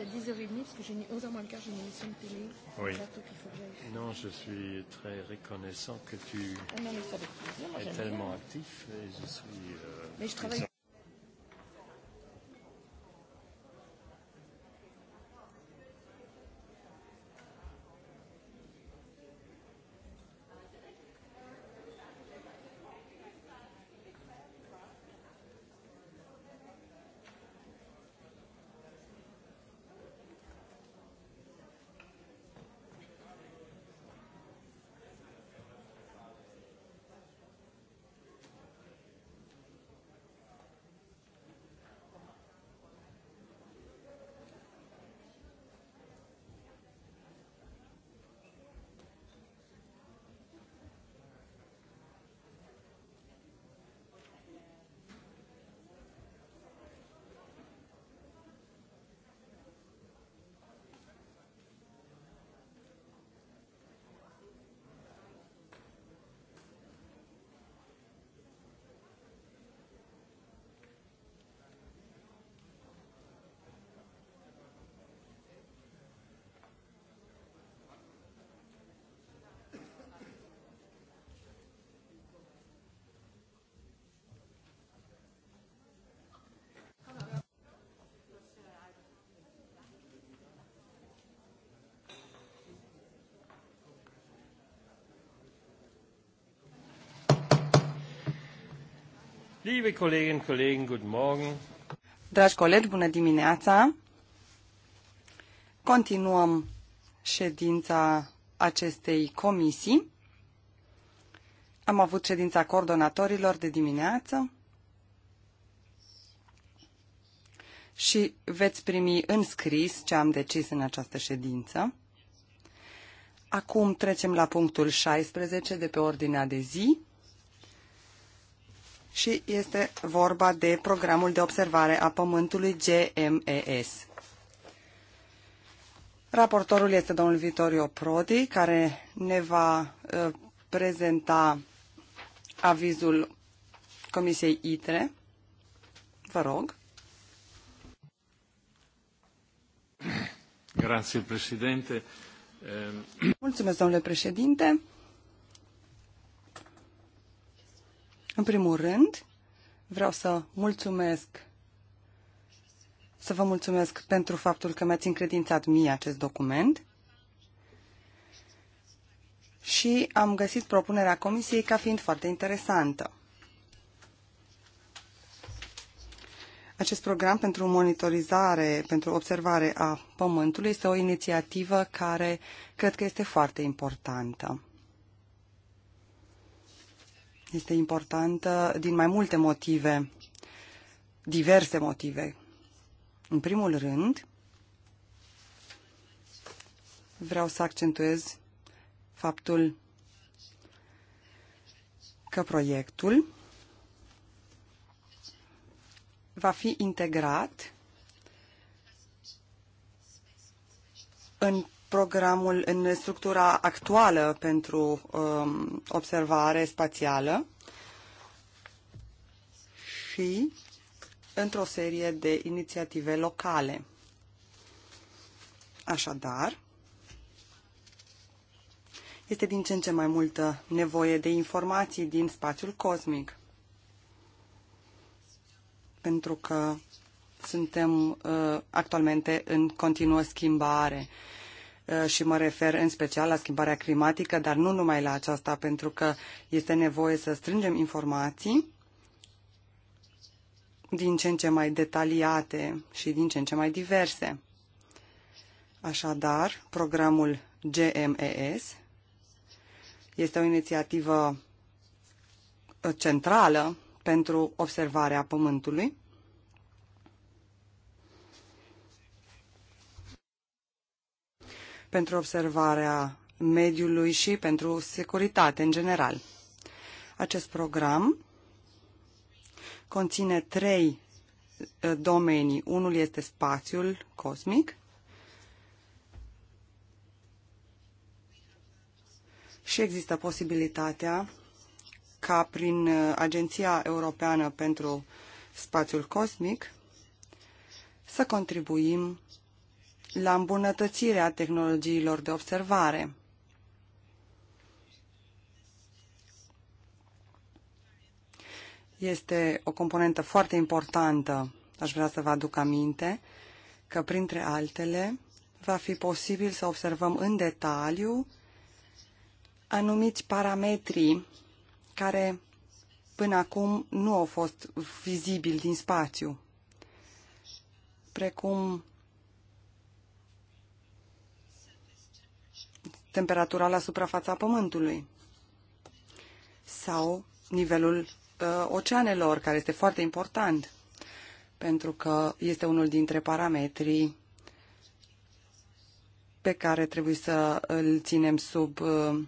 à 10h30 parce que j'ai mis 11h moins le quart, j'ai une émission de télé. Oui. Non, je suis très reconnaissant que tu ah non, mais ça plaisir, moi, es tellement bien. actif et je suis. Euh, mais je travaille Liebe Kolleginnen und Kollegen, guten Morgen. Dragi colegi, bună dimineața. Continuăm ședința acestei comisii. Am avut ședința coordonatorilor de dimineață și veți primi în scris ce am decis în această ședință. Acum trecem la punctul 16 de pe ordinea de zi, și este vorba de programul de observare a Pământului GMES. Raportorul este domnul Vitorio Prodi, care ne va uh, prezenta avizul Comisiei ITRE. Vă rog. Grazie, președinte. Mulțumesc, domnule președinte. În primul rând, vreau să mulțumesc să vă mulțumesc pentru faptul că mi-ați încredințat mie acest document și am găsit propunerea comisiei ca fiind foarte interesantă. Acest program pentru monitorizare, pentru observare a Pământului este o inițiativă care cred că este foarte importantă este importantă din mai multe motive, diverse motive. În primul rând, vreau să accentuez faptul că proiectul va fi integrat în programul în structura actuală pentru um, observare spațială și într-o serie de inițiative locale. Așadar, este din ce în ce mai multă nevoie de informații din spațiul cosmic. Pentru că suntem uh, actualmente în continuă schimbare. Uh, Uh, și mă refer în special la schimbarea climatică, dar nu numai la aceasta, pentru că este nevoie să strângem informații din ce în ce mai detaliate și din ce în ce mai diverse. Așadar, programul GMES este o inițiativă centrală pentru observarea Pământului pentru observarea mediului și pentru securitate în general. Acest program conține trei uh, domenii. Unul este spațiul cosmic și există posibilitatea ca prin uh, Agenția Europeană pentru Spațiul Cosmic să contribuim la îmbunătățirea tehnologiilor de observare. Este o componentă foarte importantă. Aș vrea să vă aduc aminte că, printre altele, va fi posibil să observăm în detaliu anumiți parametri care până acum nu au fost vizibili din spațiu, precum temperatura la suprafața Pământului sau nivelul uh, oceanelor, care este foarte important, pentru că este unul dintre parametrii pe care trebuie să îl ținem sub uh,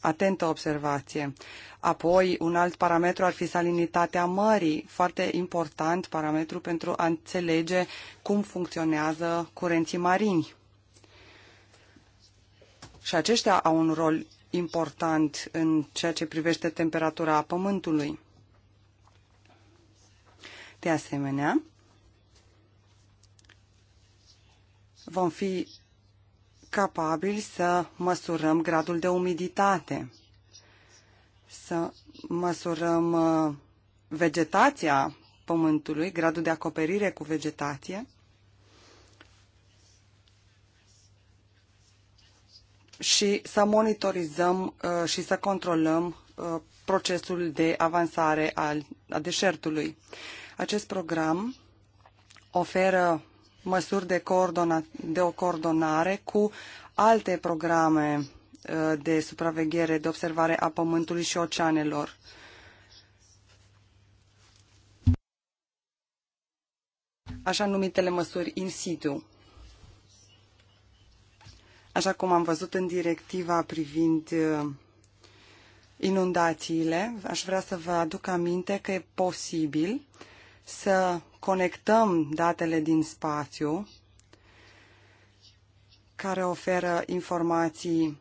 atentă observație. Apoi, un alt parametru ar fi salinitatea mării, foarte important parametru pentru a înțelege cum funcționează curenții marini și aceștia au un rol important în ceea ce privește temperatura pământului. De asemenea, vom fi capabili să măsurăm gradul de umiditate, să măsurăm uh, vegetația pământului, gradul de acoperire cu vegetație și să monitorizăm uh, și să controlăm uh, procesul de avansare al, a deșertului. Acest program oferă măsuri de, coordona, de o coordonare cu alte programe uh, de supraveghere, de observare a pământului și oceanelor. Așa numitele măsuri in situ. Așa cum am văzut în directiva privind uh, inundațiile, aș vrea să vă aduc aminte că e posibil să conectăm datele din spațiu care oferă informații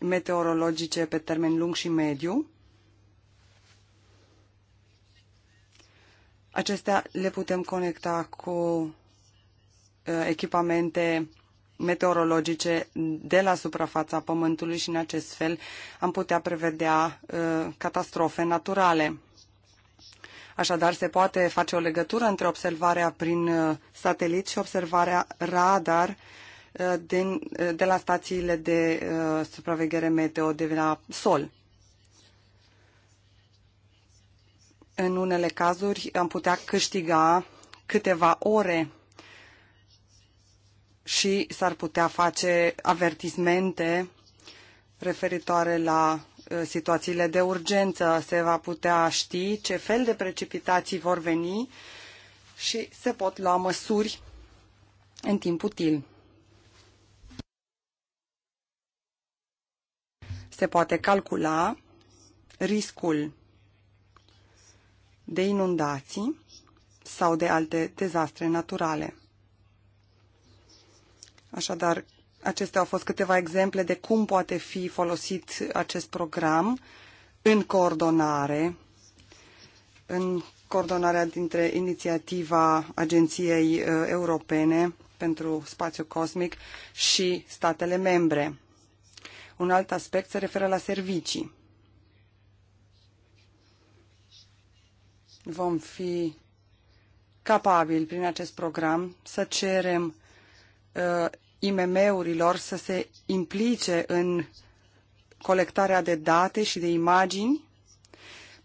meteorologice pe termen lung și mediu. Acestea le putem conecta cu uh, echipamente meteorologice de la suprafața Pământului și în acest fel am putea prevedea uh, catastrofe naturale. Așadar, se poate face o legătură între observarea prin uh, satelit și observarea radar uh, din, uh, de la stațiile de uh, supraveghere meteo de la sol. În unele cazuri am putea câștiga câteva ore și s-ar putea face avertismente referitoare la uh, situațiile de urgență. Se va putea ști ce fel de precipitații vor veni și se pot lua măsuri în timp util. Se poate calcula riscul de inundații sau de alte dezastre naturale. Așadar, acestea au fost câteva exemple de cum poate fi folosit acest program în coordonare, în coordonarea dintre inițiativa Agenției uh, Europene pentru Spațiu Cosmic și statele membre. Un alt aspect se referă la servicii. Vom fi capabili prin acest program să cerem uh, IMM-urilor să se implice în colectarea de date și de imagini,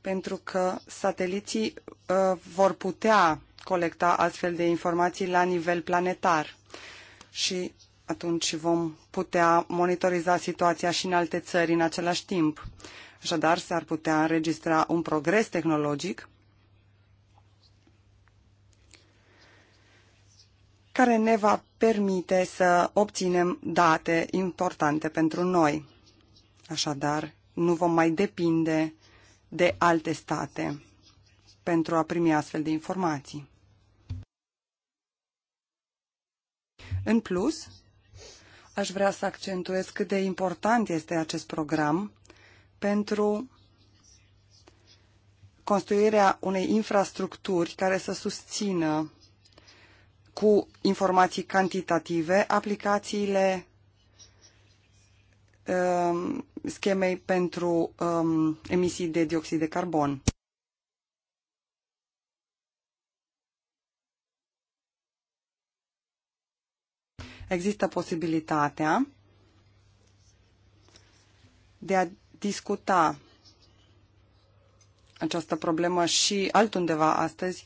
pentru că sateliții uh, vor putea colecta astfel de informații la nivel planetar și atunci vom putea monitoriza situația și în alte țări în același timp. Așadar, s-ar putea înregistra un progres tehnologic care ne va permite să obținem date importante pentru noi. Așadar, nu vom mai depinde de alte state pentru a primi astfel de informații. În plus, aș vrea să accentuez cât de important este acest program pentru construirea unei infrastructuri care să susțină cu informații cantitative, aplicațiile um, schemei pentru um, emisii de dioxid de carbon. Există posibilitatea de a discuta această problemă și altundeva astăzi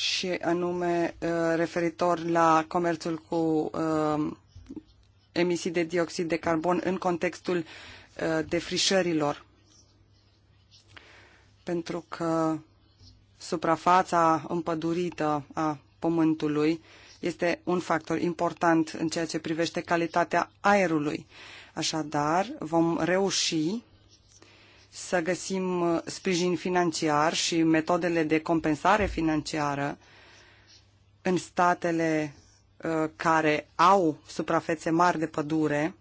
și anume uh, referitor la comerțul cu uh, emisii de dioxid de carbon în contextul uh, defrișărilor. Pentru că suprafața împădurită a pământului este un factor important în ceea ce privește calitatea aerului. Așadar, vom reuși să găsim uh, sprijin financiar și metodele de compensare financiară în statele uh, care au suprafețe mari de pădure,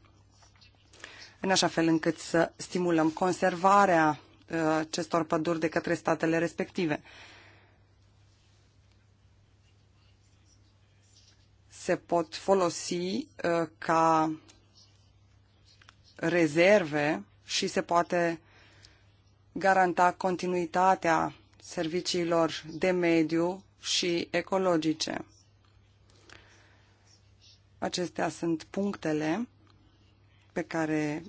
în așa fel încât să stimulăm conservarea uh, acestor păduri de către statele respective. Se pot folosi ca rezerve și se poate garanta continuitatea serviciilor de mediu și ecologice. Acestea sunt punctele pe care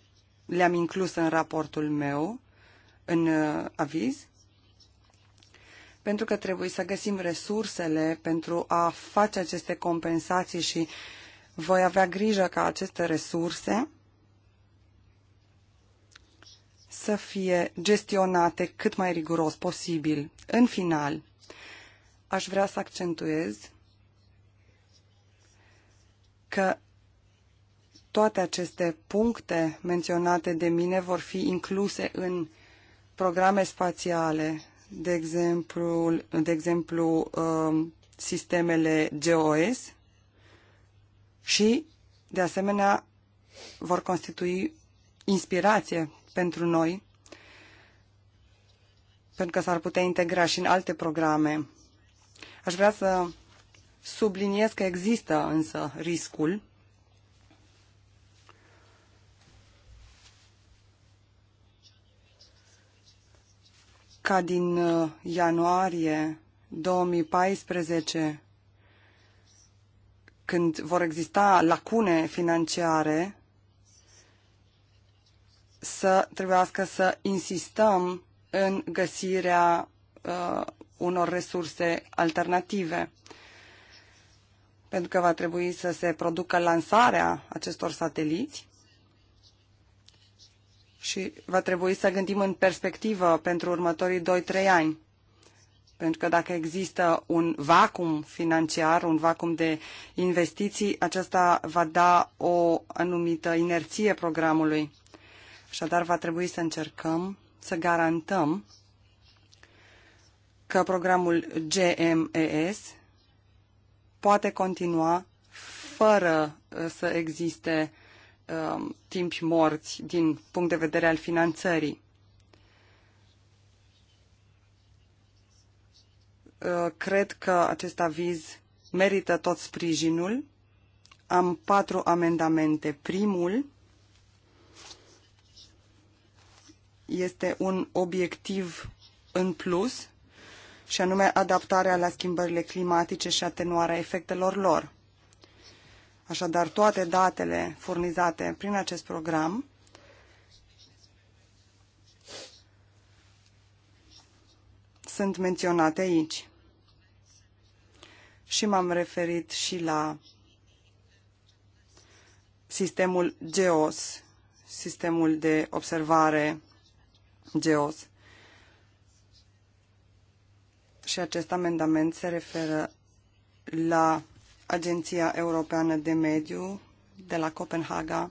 le-am inclus în raportul meu, în uh, aviz, pentru că trebuie să găsim resursele pentru a face aceste compensații și voi avea grijă ca aceste resurse să fie gestionate cât mai riguros posibil. În final, aș vrea să accentuez că toate aceste puncte menționate de mine vor fi incluse în programe spațiale, de exemplu, de exemplu um, sistemele GOS și, de asemenea, vor constitui inspirație pentru noi, pentru că s-ar putea integra și în alte programe. Aș vrea să subliniez că există însă riscul ca din uh, ianuarie 2014, când vor exista lacune financiare, să trebuiască să insistăm în găsirea uh, unor resurse alternative. Pentru că va trebui să se producă lansarea acestor sateliți și va trebui să gândim în perspectivă pentru următorii 2-3 ani. Pentru că dacă există un vacum financiar, un vacum de investiții, acesta va da o anumită inerție programului. Așadar, va trebui să încercăm să garantăm că programul GMES poate continua fără uh, să existe um, timpi morți din punct de vedere al finanțării. Uh, cred că acest aviz merită tot sprijinul. Am patru amendamente. Primul este un obiectiv în plus, și anume adaptarea la schimbările climatice și atenuarea efectelor lor. Așadar, toate datele furnizate prin acest program sunt menționate aici. Și m-am referit și la sistemul GEOS, sistemul de observare Geos. Și acest amendament se referă la Agenția Europeană de Mediu de la Copenhaga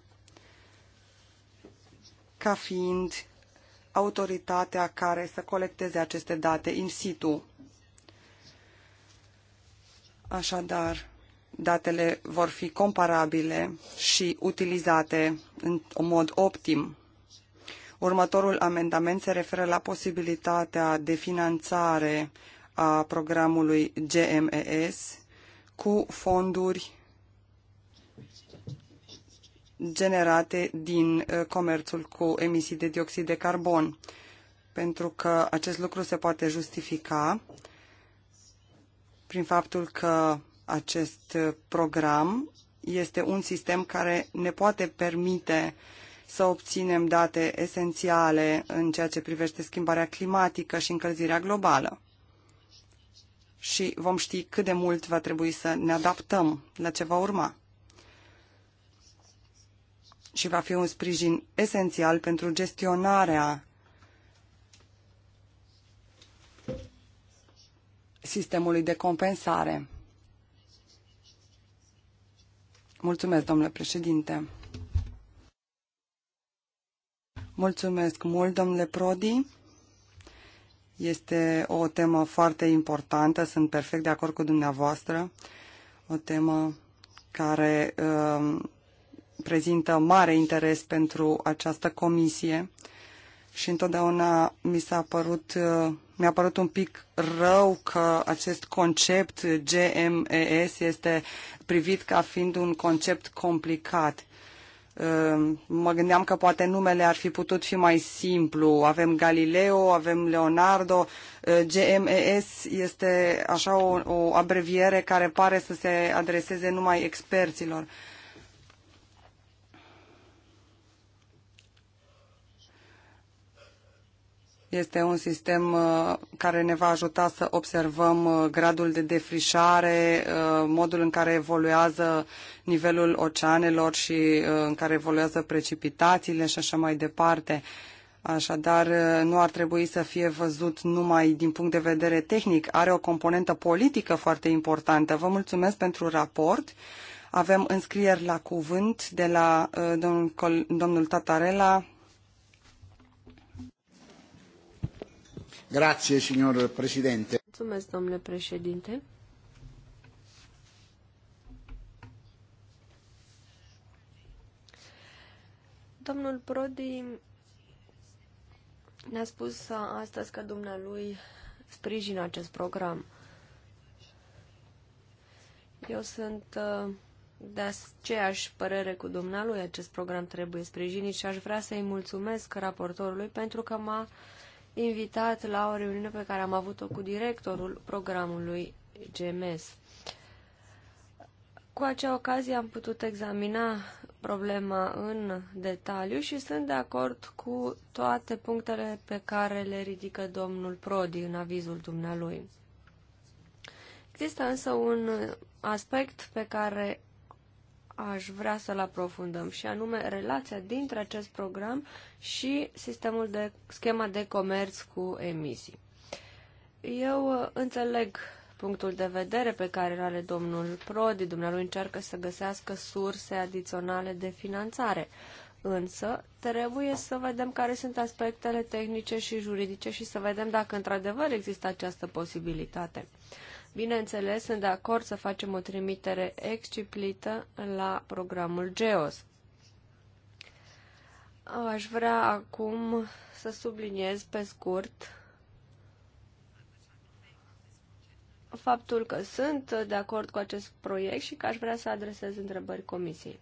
ca fiind autoritatea care să colecteze aceste date in situ. Așadar, datele vor fi comparabile și utilizate în mod optim. Următorul amendament se referă la posibilitatea de finanțare a programului GMES cu fonduri generate din uh, comerțul cu emisii de dioxid de carbon, pentru că acest lucru se poate justifica prin faptul că acest uh, program este un sistem care ne poate permite uh, să obținem date esențiale în ceea ce privește schimbarea climatică și încălzirea globală. Și vom ști cât de mult va trebui să ne adaptăm la ce va urma. Și va fi un sprijin esențial pentru gestionarea sistemului de compensare. Mulțumesc, domnule președinte. Mulțumesc mult, domnule Prodi. Este o temă foarte importantă, sunt perfect de acord cu dumneavoastră. O temă care um, prezintă mare interes pentru această comisie și întotdeauna mi s-a părut, uh, mi-a părut un pic rău că acest concept GMES este privit ca fiind un concept complicat Ehm, mă gândeam că poate numele ar fi putut fi mai simplu. Avem Galileo, avem Leonardo, ehm, GMES este așa o, o abreviere care pare să se adreseze numai experților. Este un sistem uh, care ne va ajuta să observăm uh, gradul de defrișare, uh, modul în care evoluează nivelul oceanelor și în care evoluează precipitațiile și așa mai departe. Așadar, nu ar trebui să fie văzut numai din punct de vedere tehnic, are o componentă politică foarte importantă. Vă mulțumesc pentru raport. Avem înscrieri la cuvânt de la domnul, domnul Tatarela, Grazie, signor Presidente. Mulțumesc, domnule președinte. Domnul Prodi ne-a spus astăzi că dumnealui sprijină acest program. Eu sunt uh, de aceeași părere cu dumnealui, acest program trebuie sprijinit și aș vrea să-i mulțumesc raportorului pentru că m-a invitat la o reuniune pe care am avut-o cu directorul programului GMS. Cu acea ocazie am putut examina problema în detaliu și sunt de acord cu toate punctele pe care le ridică domnul Prodi în avizul dumnealui. Există însă un aspect pe care aș vrea să-l aprofundăm, și anume relația dintre acest program și sistemul de schema de comerț cu emisii. Eu uh, înțeleg punctul de vedere pe care îl are domnul Prodi, dumnealui încearcă să găsească surse adiționale de finanțare. Însă, trebuie să vedem care sunt aspectele tehnice și juridice și să vedem dacă într-adevăr există această posibilitate. Bineînțeles, sunt de acord să facem o trimitere explicită la programul GEOS. Aș vrea acum să subliniez pe scurt faptul că sunt de acord cu acest proiect și că aș vrea să adresez întrebări comisiei.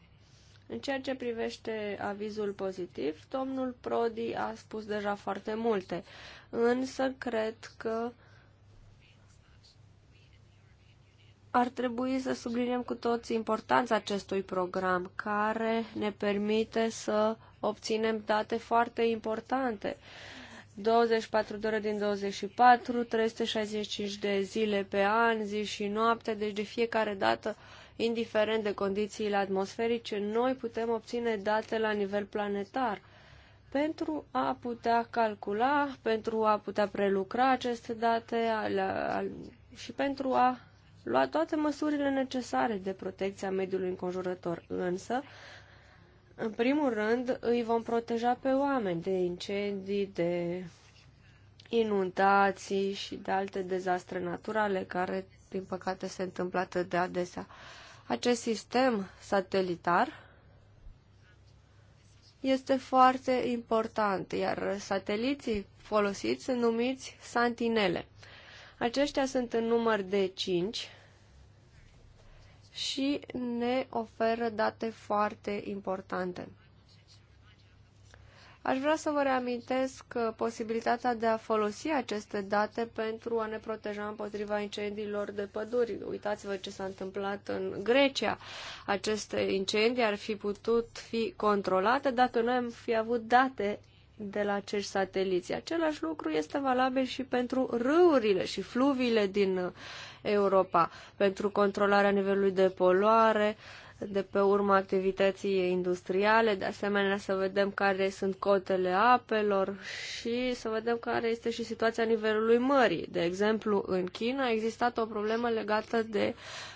În ceea ce privește avizul pozitiv, domnul Prodi a spus deja foarte multe, însă cred că ar trebui să subliniem cu toți importanța acestui program care ne permite să obținem date foarte importante. 24 de ore din 24, 365 de zile pe an, zi și noapte, deci de fiecare dată, indiferent de condițiile atmosferice, noi putem obține date la nivel planetar pentru a putea calcula, pentru a putea prelucra aceste date și pentru a lua toate măsurile necesare de protecție a mediului înconjurător, însă, în primul rând, îi vom proteja pe oameni de incendii, de inundații și de alte dezastre naturale care, din păcate, se întâmplă atât de adesea. Acest sistem satelitar este foarte important, iar sateliții folosiți sunt numiți santinele. Aceștia sunt în număr de 5 și ne oferă date foarte importante. Aș vrea să vă reamintesc uh, posibilitatea de a folosi aceste date pentru a ne proteja împotriva incendiilor de păduri. Uitați-vă ce s-a întâmplat în Grecia. Aceste incendii ar fi putut fi controlate dacă noi am fi avut date de la acești sateliți. Același lucru este valabil și pentru râurile și fluviile din Europa, pentru controlarea nivelului de poluare, uh, de pe urma activității industriale, de asemenea să vedem care sunt cotele apelor și să vedem care este și situația nivelului mării. De exemplu, în China a existat o problemă legată de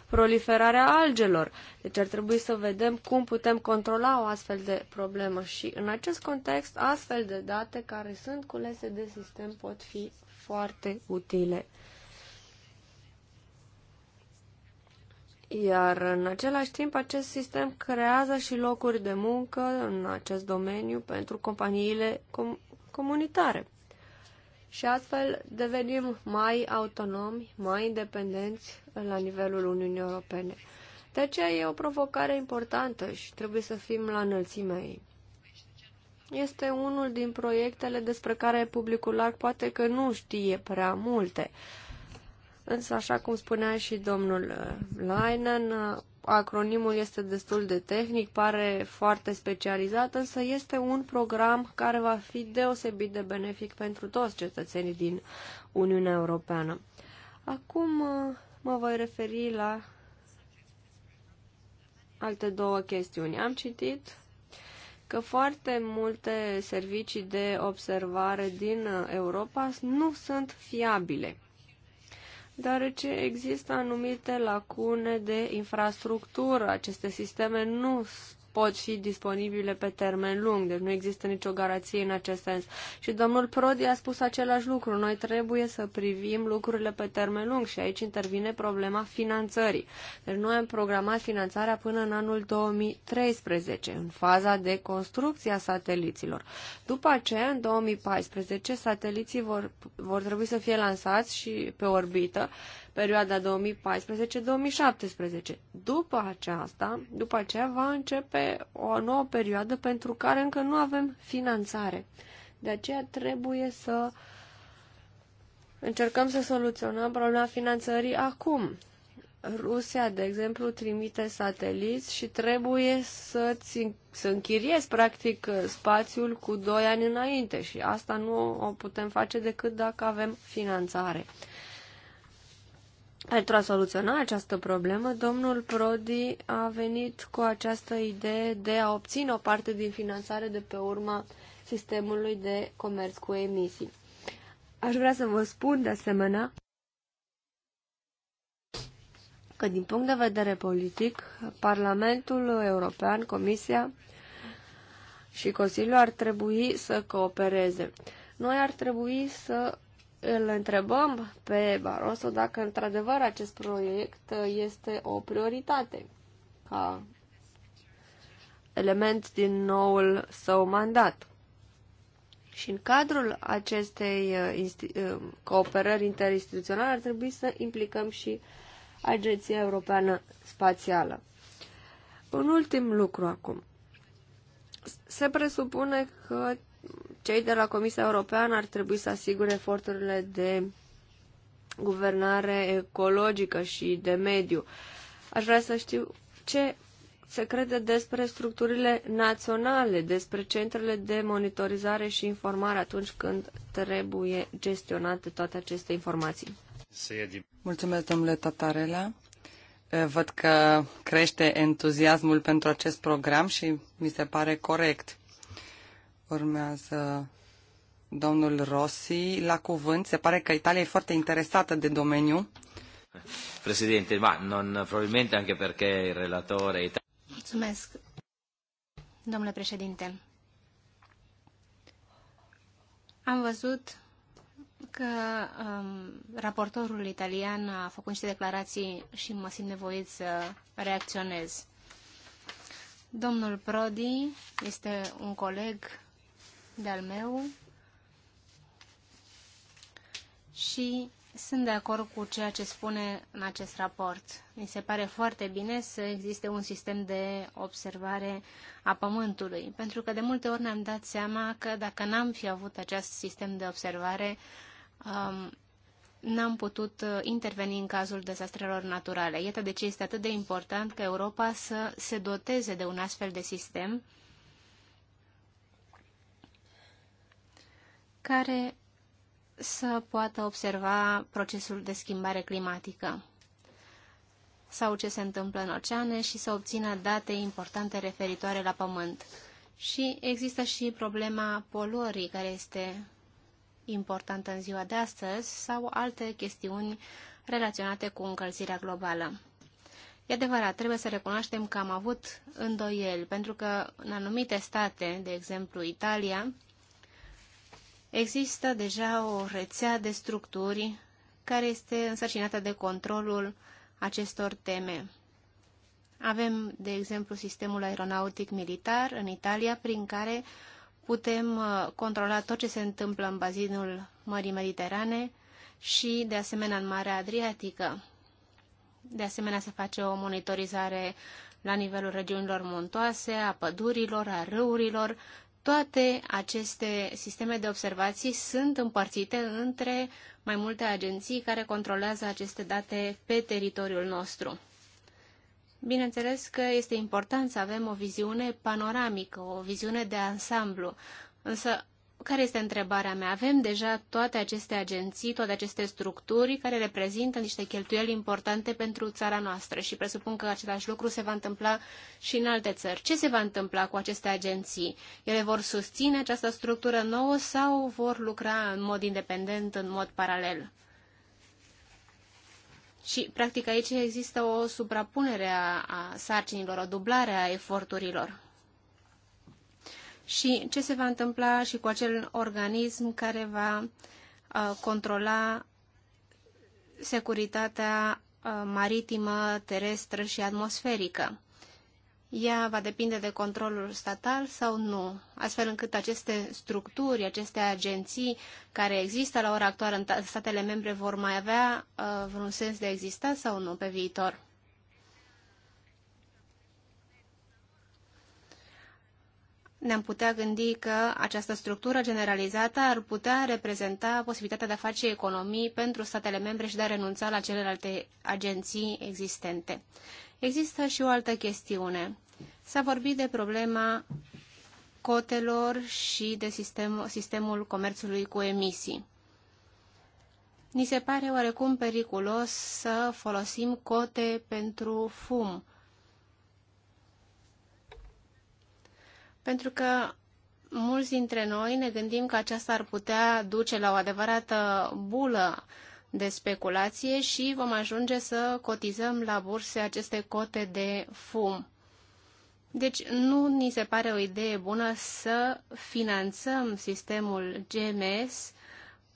proliferarea algelor. Deci ar trebui să vedem cum putem controla o astfel de problemă și în acest context astfel de date care sunt culese de sistem pot fi foarte utile Iar în același timp, acest sistem creează și locuri de muncă în acest domeniu pentru companiile com- comunitare. Și astfel devenim mai autonomi, mai independenți la nivelul Uniunii Europene. De aceea e o provocare importantă și trebuie să fim la înălțimea ei. Este unul din proiectele despre care publicul larg poate că nu știe prea multe. Uh, însă, așa cum spunea și domnul uh, Leinen, uh, acronimul este destul de tehnic, pare foarte specializat, însă este un program care va fi deosebit de benefic pentru toți cetățenii din Uniunea Europeană. Acum uh, mă voi referi la alte două chestiuni. Am citit că foarte multe servicii de observare din Europa nu sunt fiabile deoarece există anumite lacune de infrastructură. Aceste sisteme nu pot fi disponibile pe termen lung, deci nu există nicio garanție în acest sens. Și domnul Prodi a spus același lucru, noi trebuie să privim lucrurile pe termen lung și aici intervine problema finanțării. Deci noi am programat finanțarea până în anul 2013, în faza de construcție a sateliților. După aceea, în 2014, sateliții vor, vor trebui să fie lansați și pe orbită, perioada 2014-2017. După aceasta, după aceea va începe o nouă perioadă pentru care încă nu avem finanțare. De aceea trebuie să încercăm să soluționăm problema finanțării acum. Rusia, de exemplu, trimite sateliți și trebuie să, ți, să închiriezi, practic, spațiul cu doi ani înainte și asta nu o putem face decât dacă avem finanțare. Pentru a soluționa această problemă, domnul Prodi a venit cu această idee de a obține o parte din finanțare de pe urma sistemului de comerț cu emisii. Aș vrea să vă spun de asemenea că din punct de vedere politic, Parlamentul European, Comisia și Consiliul ar trebui să coopereze. Noi ar trebui să îl întrebăm pe Barroso dacă într-adevăr acest proiect este o prioritate ca element din noul său mandat. Și în cadrul acestei uh, uh, cooperări interinstituționale ar trebui să implicăm și Agenția Europeană Spațială. Un ultim lucru acum. Se presupune că cei de la Comisia Europeană ar trebui să asigure eforturile de guvernare ecologică și de mediu. Aș vrea să știu ce se crede despre structurile naționale, despre centrele de monitorizare și informare atunci când trebuie gestionate toate aceste informații. Mulțumesc, domnule Tatarela. Văd că crește entuziasmul pentru acest program și mi se pare corect. Urmează domnul Rossi la cuvânt. Se pare că Italia e foarte interesată de domeniu. Presidente, ma non, probabilmente anche perché il relatore Mulțumesc, domnule președinte. Am văzut că um, raportorul italian a făcut niște declarații și mă simt nevoit să reacționez. Domnul Prodi este un coleg de-al meu și sunt de acord cu ceea ce spune în acest raport. Mi se pare foarte bine să existe un sistem de observare a Pământului, pentru că de multe ori ne-am dat seama că dacă n-am fi avut acest sistem de observare, um, n-am putut uh, interveni în cazul dezastrelor naturale. Iată de ce este atât de important că Europa să se doteze de un astfel de sistem care să poată observa procesul de schimbare climatică sau ce se întâmplă în oceane și să obțină date importante referitoare la pământ. Și există și problema poluării, care este importantă în ziua de astăzi, sau alte chestiuni relaționate cu încălzirea globală. E adevărat, trebuie să recunoaștem că am avut îndoieli, pentru că în anumite state, de exemplu Italia, Există deja o rețea de structuri care este însărcinată de controlul acestor teme. Avem, de exemplu, sistemul aeronautic militar în Italia, prin care putem uh, controla tot ce se întâmplă în bazinul Mării Mediterane și, de asemenea, în Marea Adriatică. De asemenea, se face o monitorizare la nivelul regiunilor montoase, a pădurilor, a râurilor, toate aceste sisteme de observații sunt împărțite între mai multe agenții care controlează aceste date pe teritoriul nostru. Bineînțeles că este important să avem o viziune panoramică, o viziune de ansamblu, însă care este întrebarea mea? Avem deja toate aceste agenții, toate aceste structuri care reprezintă niște cheltuieli importante pentru țara noastră și presupun că același lucru se va întâmpla și în alte țări. Ce se va întâmpla cu aceste agenții? Ele vor susține această structură nouă sau vor lucra în mod independent, în mod paralel? Și, practic, aici există o suprapunere a, a sarcinilor, o dublare a eforturilor și ce se va întâmpla și cu acel organism care va uh, controla securitatea uh, maritimă, terestră și atmosferică. Ea va depinde de controlul statal sau nu, astfel încât aceste structuri, aceste agenții care există la ora actuală în statele membre vor mai avea uh, vreun sens de a exista sau nu pe viitor. ne-am putea gândi că această structură generalizată ar putea reprezenta posibilitatea de a face economii pentru statele membre și de a renunța la celelalte agenții existente. Există și o altă chestiune. S-a vorbit de problema cotelor și de sistem, sistemul comerțului cu emisii. Ni se pare oarecum periculos să folosim cote pentru fum, Pentru că mulți dintre noi ne gândim că aceasta ar putea duce la o adevărată bulă de speculație și vom ajunge să cotizăm la burse aceste cote de fum. Deci nu ni se pare o idee bună să finanțăm sistemul GMS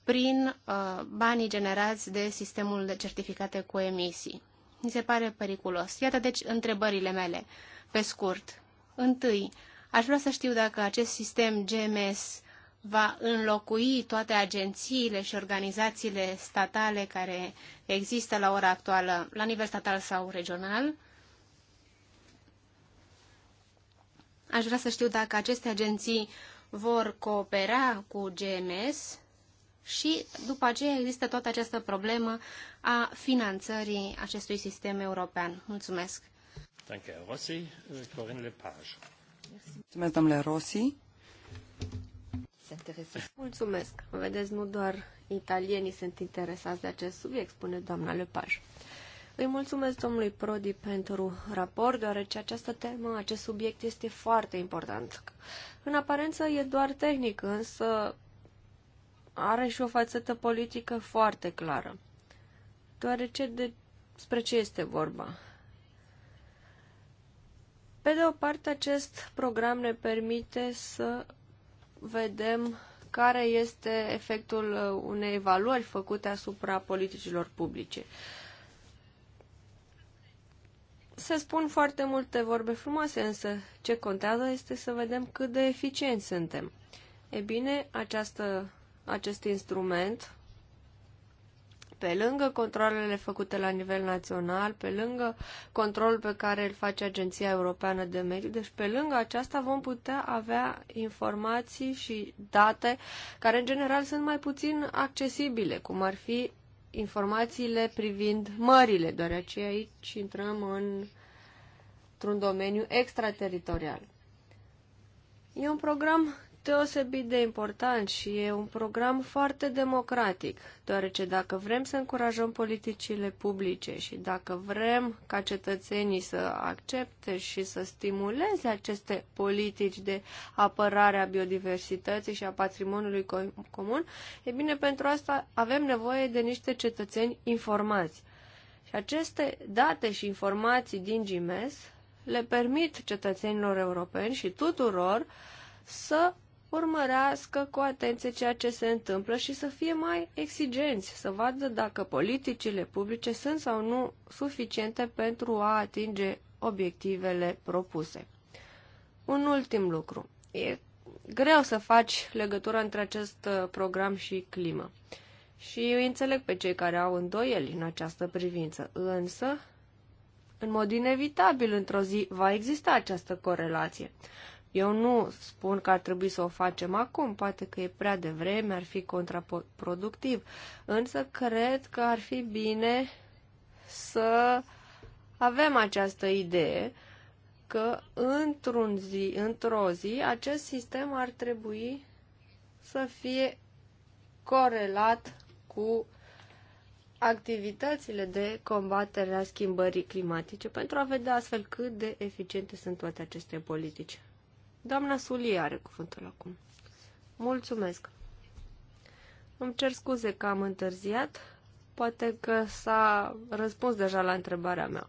prin uh, banii generați de sistemul de certificate cu emisii. Ni se pare periculos. Iată deci întrebările mele, pe scurt. Întâi, uh, Aș vrea să știu dacă acest sistem GMS va înlocui toate agențiile și organizațiile statale care există la ora actuală, la nivel statal sau regional. Aș vrea să știu dacă aceste agenții vor coopera cu GMS și după aceea există toată această problemă a finanțării acestui sistem european. Mulțumesc! Danke, Rossi. Corinne Lepage. Mulțumesc, Rossi. Mulțumesc. Vedeți, nu doar italienii sunt interesați de acest subiect, spune doamna Lepaj. Îi mulțumesc domnului Prodi pentru raport, deoarece această temă, acest subiect este foarte important. În aparență e doar tehnic, însă are și o fațetă politică foarte clară. Deoarece de... spre ce este vorba? Pe de o parte, acest program ne permite să vedem care este efectul uh, unei evaluări făcute asupra politicilor publice. Se spun foarte multe vorbe frumoase, însă ce contează este să vedem cât de eficienți suntem. E bine, această, acest instrument pe lângă controlele făcute la nivel național, pe lângă controlul pe care îl face Agenția Europeană de Mediu, deci pe lângă aceasta vom putea avea informații și date care în general sunt mai puțin accesibile, cum ar fi informațiile privind mările, deoarece aici intrăm în, într-un domeniu extrateritorial. E un program deosebit de important și e un program foarte democratic, deoarece dacă vrem să încurajăm politicile publice și dacă vrem ca cetățenii să accepte și să stimuleze aceste politici de apărare a biodiversității și a patrimoniului comun, e bine, pentru asta avem nevoie de niște cetățeni informați. Și aceste date și informații din GMS le permit cetățenilor europeni și tuturor să urmărească cu atenție ceea ce se întâmplă și să fie mai exigenți, să vadă dacă politicile publice sunt sau nu suficiente pentru a atinge obiectivele propuse. Un ultim lucru. E greu să faci legătura între acest uh, program și climă. Și eu înțeleg pe cei care au îndoieli în această privință, însă, în mod inevitabil, într-o zi va exista această corelație. Eu nu spun că ar trebui să o facem acum, poate că e prea devreme, ar fi contraproductiv, însă cred că ar fi bine să avem această idee că într-un zi, într-o zi, acest sistem ar trebui să fie corelat cu activitățile de combatere a schimbării climatice pentru a vedea astfel cât de eficiente sunt toate aceste politici. Doamna Sulie are cuvântul acum. Mulțumesc. Îmi cer scuze că am întârziat. Poate că s-a răspuns deja la întrebarea mea.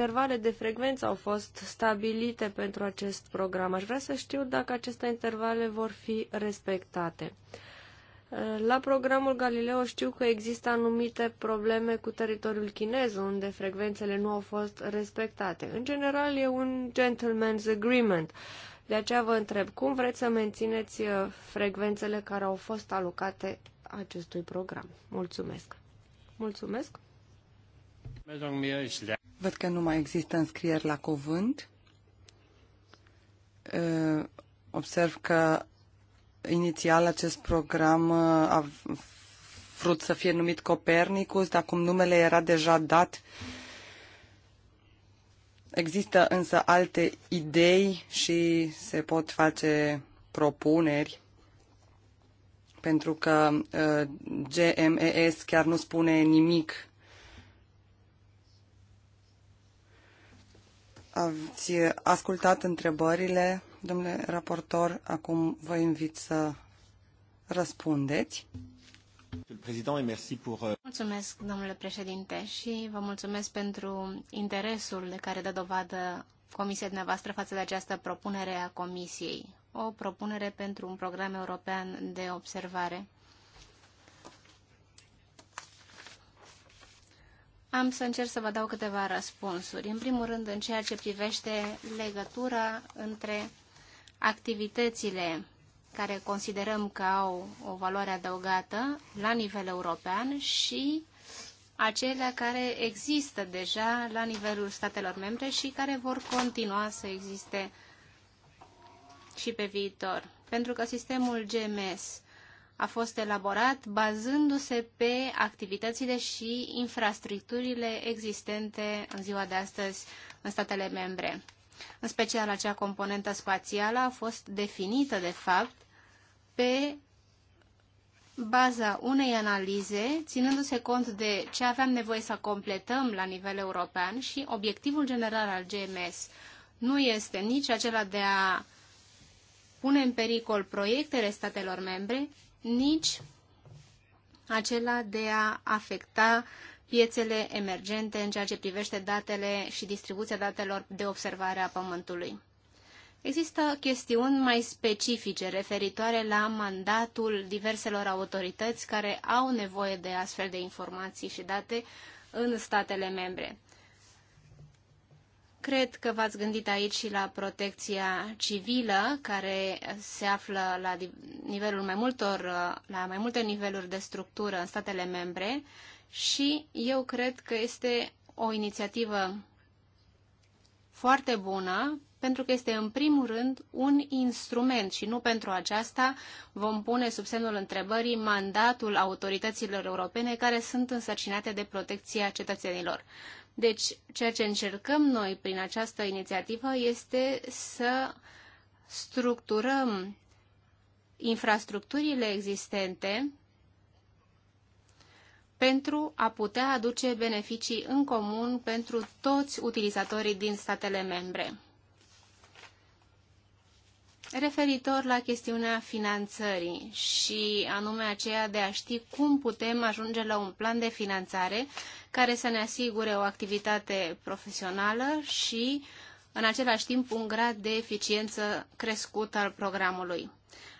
intervale de frecvență au fost stabilite pentru acest program. Aș vrea să știu dacă aceste intervale vor fi respectate. La programul Galileo știu că există anumite probleme cu teritoriul chinez, unde frecvențele nu au fost respectate. În general, e un gentleman's agreement. De aceea vă întreb, cum vreți să mențineți uh, frecvențele care au fost alocate acestui program? Mulțumesc! Mulțumesc! Văd că nu mai există înscrieri la cuvânt. Uh, observ că Inițial acest program uh, a vrut să fie numit Copernicus, dar cum numele era deja dat, există însă alte idei și se pot face propuneri pentru că uh, GMES chiar nu spune nimic. Ați ascultat întrebările Domnule raportor, acum vă invit să răspundeți. Euh, mulțumesc, domnule președinte, și vă mulțumesc pentru interesul de care dă dovadă Comisia dumneavoastră față de această propunere a Comisiei. O propunere pentru un program european de observare. Am să încerc să vă dau câteva răspunsuri. În primul rând, în ceea ce privește legătura între activitățile care considerăm că au o valoare adăugată la nivel european și acelea care există deja la nivelul statelor membre și care vor continua să existe și pe viitor. Pentru că sistemul GMS a fost elaborat bazându-se pe activitățile și infrastructurile existente în ziua de astăzi în statele membre în special acea componentă spațială, a fost definită, de fapt, pe baza unei analize, ținându-se cont de ce aveam nevoie să completăm la nivel european și obiectivul general al GMS nu este nici acela de a pune în pericol proiectele statelor membre, nici acela de a afecta piețele emergente în ceea ce privește datele și distribuția datelor de observare a Pământului. Există chestiuni mai specifice referitoare la mandatul diverselor autorități care au nevoie de astfel de informații și date în statele membre. Cred că v-ați gândit aici și la protecția civilă, care se află la nivelul mai multor, la mai multe niveluri de structură în statele membre și eu cred că este o inițiativă foarte bună pentru că este în primul rând un instrument și nu pentru aceasta vom pune sub semnul întrebării mandatul autorităților europene care sunt însărcinate de protecția cetățenilor. Deci, ceea ce încercăm noi prin această inițiativă este să structurăm infrastructurile existente pentru a putea aduce beneficii în comun pentru toți utilizatorii din statele membre. Referitor la chestiunea finanțării și anume aceea de a ști cum putem ajunge la un plan de finanțare care să ne asigure o activitate profesională și, în același timp, un grad de eficiență crescut al programului.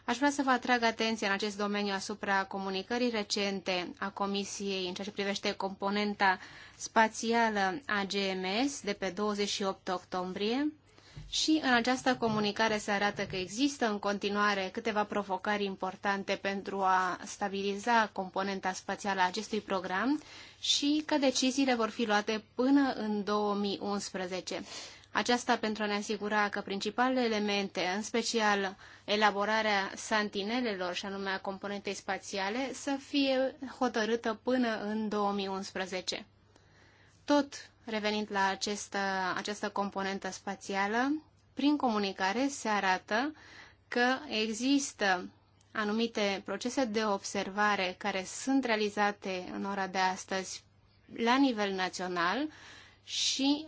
Aș vrea să vă atrag atenția în acest domeniu asupra comunicării recente a Comisiei în ceea ce privește componenta spațială a GMS de pe 28 octombrie și în această comunicare se arată că există în continuare câteva provocări importante pentru a stabiliza componenta spațială a acestui program și că deciziile vor fi luate până în 2011. Aceasta pentru a ne asigura că principalele elemente, în special elaborarea santinelelor și anume a componentei spațiale, să fie hotărâtă până în 2011. Tot revenind la această, această componentă spațială, prin comunicare se arată că există anumite procese de observare care sunt realizate în ora de astăzi la nivel național și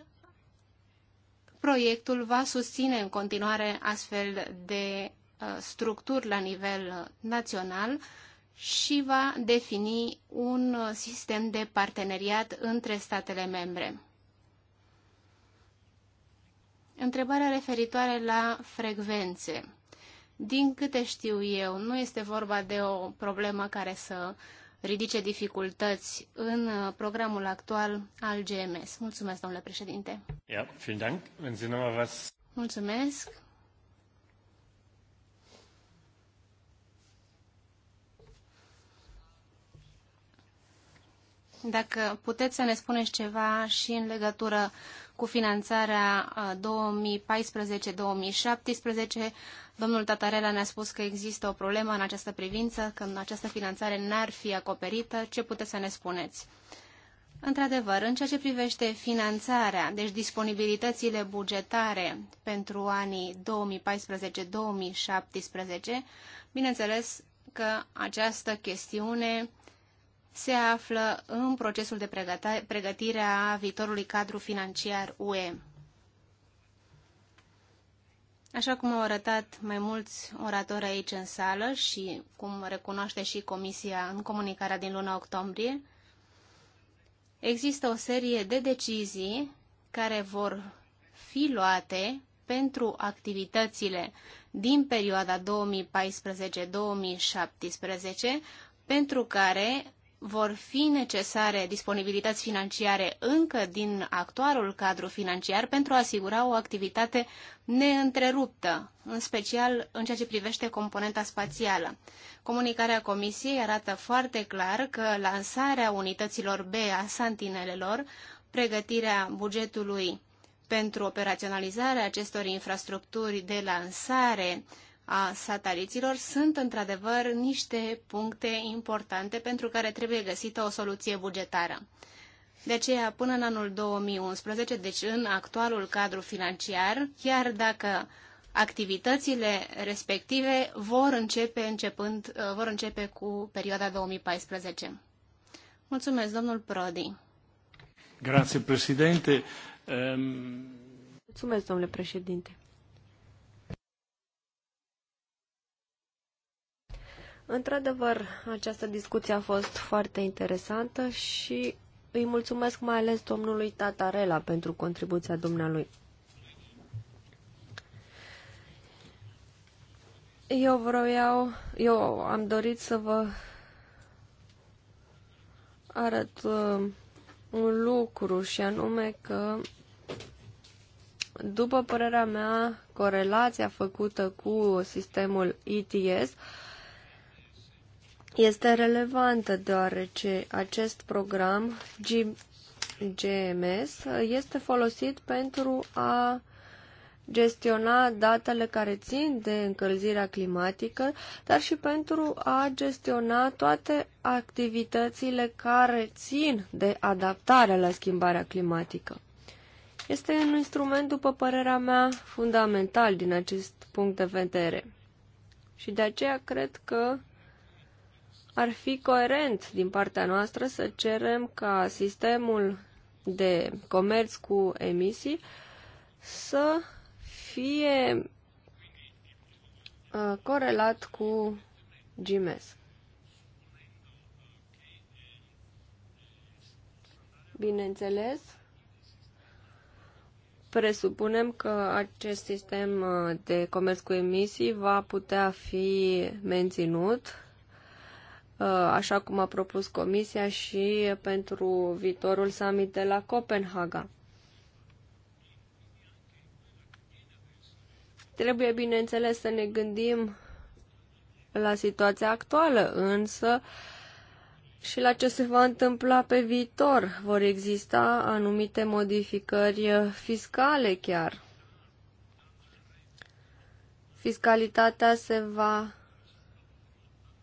proiectul va susține în continuare astfel de uh, structuri la nivel uh, național și va defini un uh, sistem de parteneriat între statele membre. Întrebarea referitoare la frecvențe. Din câte știu eu, nu este vorba de o problemă care să uh, ridice dificultăți în uh, programul actual al GMS. Mulțumesc, domnule președinte. Ja, vielen Dank. Wenn Sie noch was... Mulțumesc. Dacă puteți să ne spuneți ceva și în legătură cu finanțarea 2014-2017, uh, Domnul Tatarela ne-a spus că există o problemă în această privință, că această finanțare n-ar fi acoperită. Ce puteți să ne spuneți? Într-adevăr, în ceea ce privește finanțarea, deci disponibilitățile bugetare pentru anii 2014-2017, bineînțeles că această chestiune se află în procesul de pregătire a viitorului cadru financiar UE. Așa cum au arătat mai mulți oratori aici în sală și cum recunoaște și Comisia în comunicarea din luna octombrie, există o serie de decizii care vor fi luate pentru activitățile din perioada 2014-2017, pentru care vor fi necesare disponibilități financiare încă din actualul cadru financiar pentru a asigura o activitate neîntreruptă, în special în ceea ce privește componenta spațială. Comunicarea Comisiei arată foarte clar că lansarea unităților B a santinelelor, pregătirea bugetului pentru operaționalizarea acestor infrastructuri de lansare a sateliților sunt într-adevăr niște puncte importante pentru care trebuie găsită o soluție bugetară. De aceea, până în anul 2011, deci în actualul cadru financiar, chiar dacă activitățile respective vor începe, începând, uh, vor începe cu perioada 2014. Mulțumesc, domnul Prodi. Grazie, președinte. Um... Mulțumesc, domnule președinte. Într-adevăr, această discuție a fost foarte interesantă și îi mulțumesc mai ales domnului Tatarela pentru contribuția dumnealui. Eu vreau, eu am dorit să vă arăt uh, un lucru și anume că după părerea mea, corelația făcută cu sistemul ETS este relevantă deoarece acest program GMS este folosit pentru a gestiona datele care țin de încălzirea climatică, dar și pentru a gestiona toate activitățile care țin de adaptarea la schimbarea climatică. Este un instrument, după părerea mea, fundamental din acest punct de vedere. Și de aceea cred că ar fi coerent din partea noastră să cerem ca sistemul de comerț cu emisii să fie uh, corelat cu GMS. Bineînțeles, presupunem că acest sistem uh, de comerț cu emisii va putea fi menținut Uh, așa cum a propus Comisia și pentru viitorul summit de la Copenhaga. Trebuie, bineînțeles, să ne gândim la situația actuală, însă și la ce se va întâmpla pe viitor. Vor exista anumite modificări fiscale chiar. Fiscalitatea se va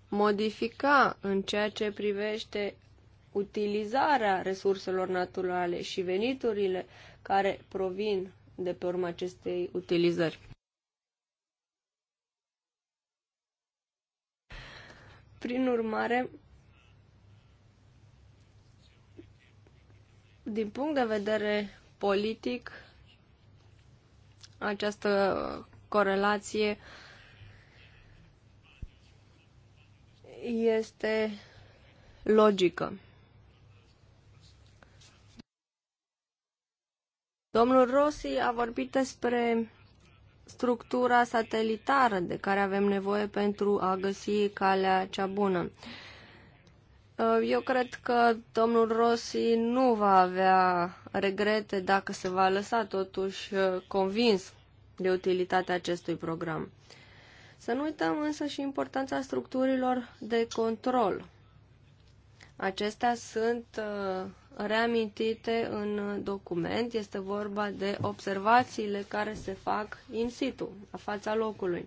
modifica în ceea ce privește utilizarea resurselor naturale și veniturile care provin de pe urma acestei utilizări. Prin urmare, din punct de vedere politic, această corelație uh, este logică. Domnul Rossi a vorbit despre structura satelitară de care avem nevoie pentru a găsi calea cea bună. Uh, eu cred că domnul Rossi nu va avea regrete dacă se va lăsa totuși uh, convins de utilitatea acestui program. Să nu uităm însă și importanța structurilor de control. Acestea sunt uh, reamintite în document. Este vorba de observațiile care se fac in situ, la fața locului.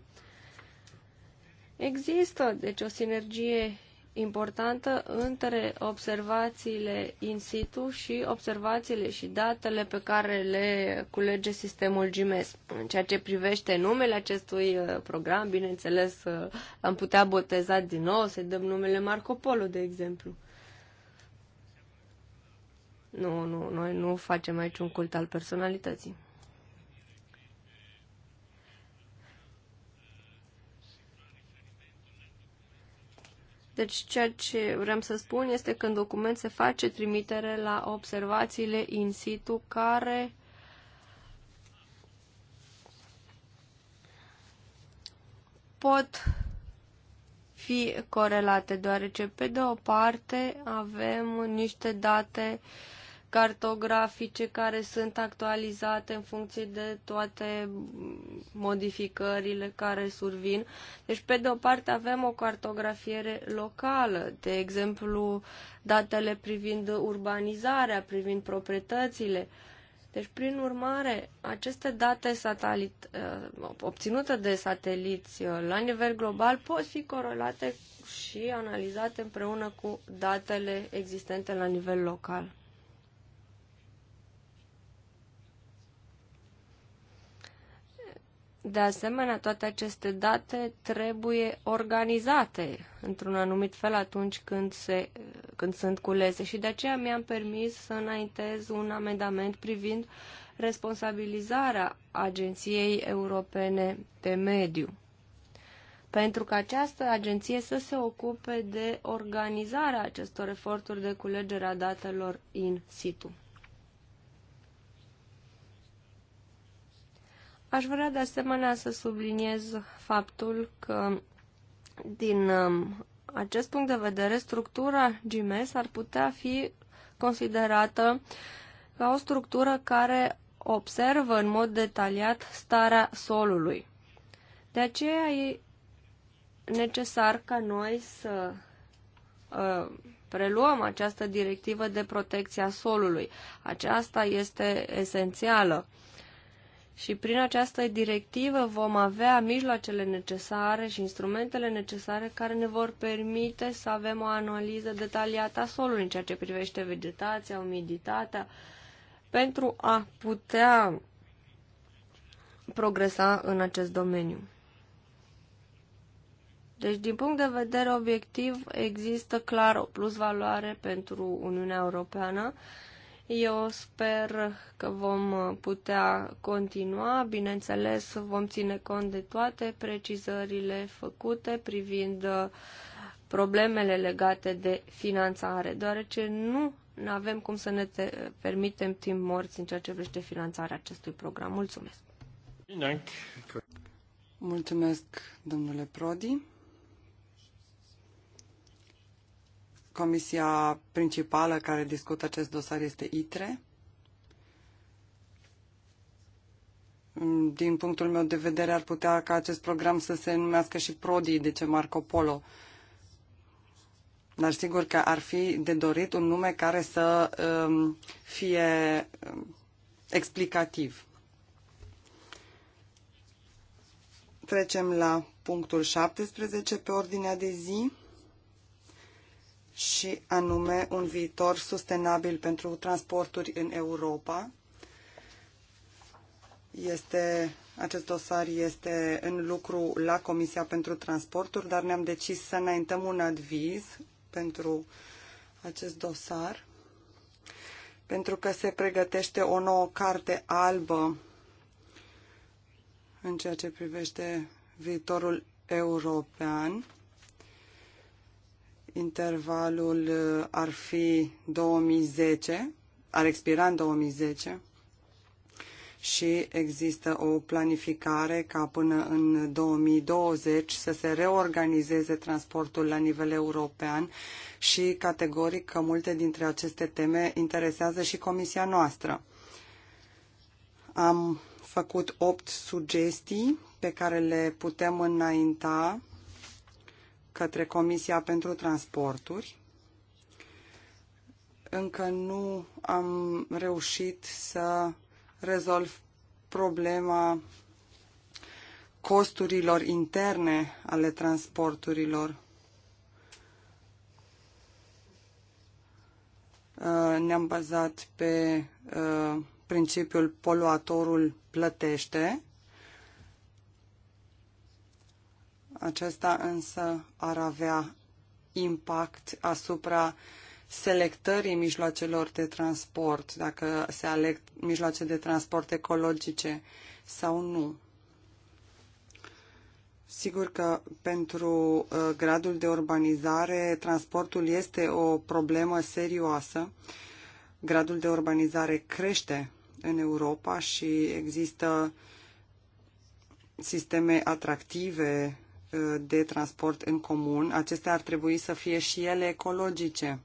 Există, deci, o sinergie importantă între observațiile in situ și observațiile și datele pe care le culege sistemul GMS. În ceea ce privește numele acestui uh, program, bineînțeles, uh, am putea boteza din nou, să-i dăm numele Marco Polo, de exemplu. Nu, nu, noi nu facem aici un cult al personalității. Deci ceea ce vreau să spun este că în document se face trimitere la observațiile in situ care pot fi corelate, deoarece pe de o parte avem niște date uh, cartografice care sunt actualizate în funcție de toate modificările care survin. Deci, pe de o parte, avem o cartografiere locală, de exemplu, datele privind urbanizarea, privind proprietățile. Deci, prin urmare, aceste date satelit, uh, obținute de sateliți uh, la nivel global pot fi corelate și analizate împreună cu datele existente la nivel local. De asemenea, toate aceste date trebuie organizate într-un anumit fel atunci când, se, când sunt culese și de aceea mi-am permis să înaintez un amendament privind responsabilizarea Agenției Europene de Mediu. Pentru că această agenție să se ocupe de organizarea acestor eforturi de culegere a datelor in situ. Aș vrea de asemenea să subliniez faptul că din um, acest punct de vedere, structura GMS ar putea fi considerată ca o structură care observă în mod detaliat starea solului. De aceea e necesar ca noi să uh, preluăm această directivă de protecție a solului. Aceasta este esențială. Și prin această directivă vom avea mijloacele necesare și instrumentele necesare care ne vor permite să avem o analiză detaliată a solului în ceea ce privește vegetația, umiditatea, pentru a putea progresa în acest domeniu. Deci, din punct de vedere obiectiv, există clar o plusvaloare pentru Uniunea Europeană, eu sper că vom putea continua. Bineînțeles, vom ține cont de toate precizările făcute privind uh, problemele legate de finanțare, deoarece nu avem cum să ne te- permitem timp morți în ceea ce privește finanțarea acestui program. Mulțumesc! Mulțumesc, domnule Prodi. Comisia principală care discută acest dosar este ITRE. Din punctul meu de vedere, ar putea ca acest program să se numească și PRODI, de ce Marco Polo. Dar sigur că ar fi de dorit un nume care să um, fie um, explicativ. Trecem la punctul 17 pe ordinea de zi și anume un viitor sustenabil pentru transporturi în Europa. Este, acest dosar este în lucru la Comisia pentru Transporturi, dar ne-am decis să înaintăm un adviz pentru acest dosar, pentru că se pregătește o nouă carte albă în ceea ce privește viitorul european intervalul uh, ar fi 2010, ar expira în 2010 și există o planificare ca până în 2020 să se reorganizeze transportul la nivel european și categoric că multe dintre aceste teme interesează și comisia noastră. Am făcut opt sugestii pe care le putem înainta către Comisia pentru Transporturi. Încă nu am reușit să rezolv problema costurilor interne ale transporturilor. Uh, ne-am bazat pe uh, principiul poluatorul plătește Acesta însă ar avea impact asupra selectării mijloacelor de transport, dacă se aleg mijloace de transport ecologice sau nu. Sigur că pentru uh, gradul de urbanizare transportul este o problemă serioasă. Gradul de urbanizare crește în Europa și există sisteme atractive de transport în comun, acestea ar trebui să fie și ele ecologice.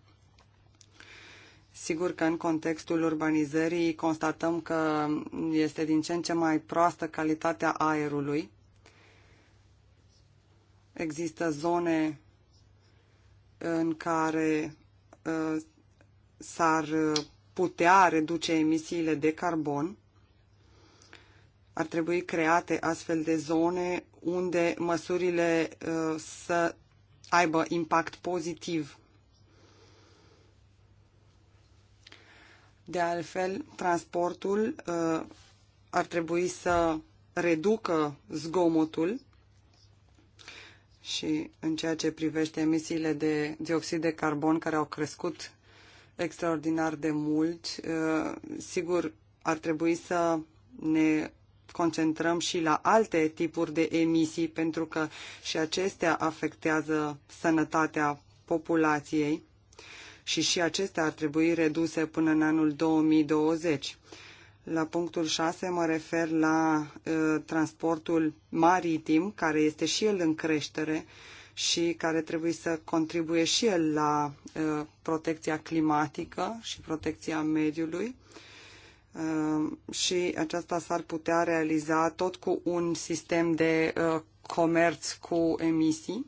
Sigur că în contextul urbanizării constatăm că este din ce în ce mai proastă calitatea aerului. Există zone în care uh, s-ar putea reduce emisiile de carbon. Ar trebui create astfel de zone unde măsurile uh, să aibă impact pozitiv. De altfel, transportul uh, ar trebui să reducă zgomotul și în ceea ce privește emisiile de dioxid de carbon care au crescut extraordinar de mult, uh, sigur, ar trebui să ne concentrăm și la alte tipuri de emisii, pentru că și acestea afectează sănătatea populației și și acestea ar trebui reduse până în anul 2020. La punctul 6 mă refer la uh, transportul maritim, care este și el în creștere și care trebuie să contribuie și el la uh, protecția climatică și protecția mediului. Uh, Ehm, și aceasta s-ar putea realiza tot cu un sistem de eh, comerț cu emisii.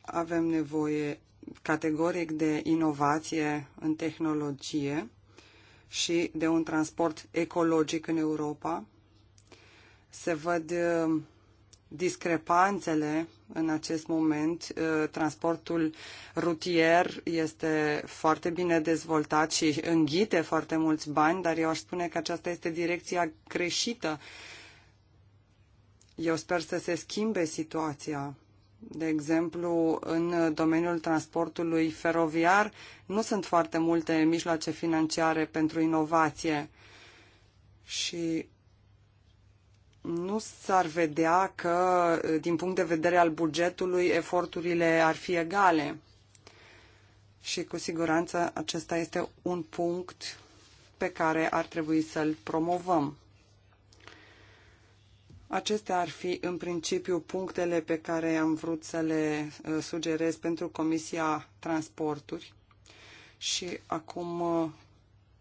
Avem nevoie categoric de inovație în tehnologie și de un transport ecologic în Europa. Se văd eh, discrepanțele în acest moment. Uh, transportul rutier este foarte bine dezvoltat și înghite foarte mulți bani, dar eu aș spune că aceasta este direcția creșită. Eu sper să se schimbe situația. De exemplu, în domeniul transportului feroviar nu sunt foarte multe mijloace financiare pentru inovație și nu s-ar vedea că, din punct de vedere al bugetului, eforturile ar fi egale. Și cu siguranță acesta este un punct pe care ar trebui să-l promovăm. Acestea ar fi, în principiu, punctele pe care am vrut să le uh, sugerez pentru Comisia Transporturi. Și acum, uh,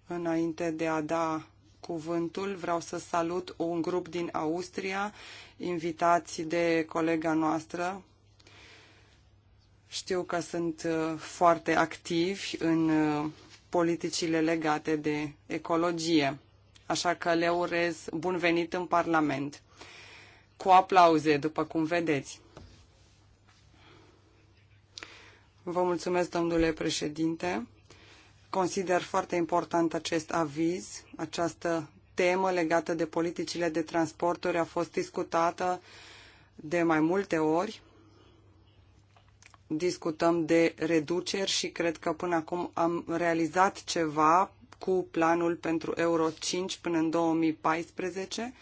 înainte de a da cuvântul. Vreau să salut un grup din Austria, invitați de colega noastră. Știu că sunt uh, foarte activi în uh, politicile legate de ecologie, așa că le urez bun venit în Parlament. Cu aplauze, după cum vedeți. Vă mulțumesc, domnule președinte. Consider foarte important acest aviz. Această temă legată de politicile de transporturi a fost discutată de mai multe ori. Discutăm de reduceri și cred că până acum am realizat ceva cu planul pentru Euro 5 până în 2014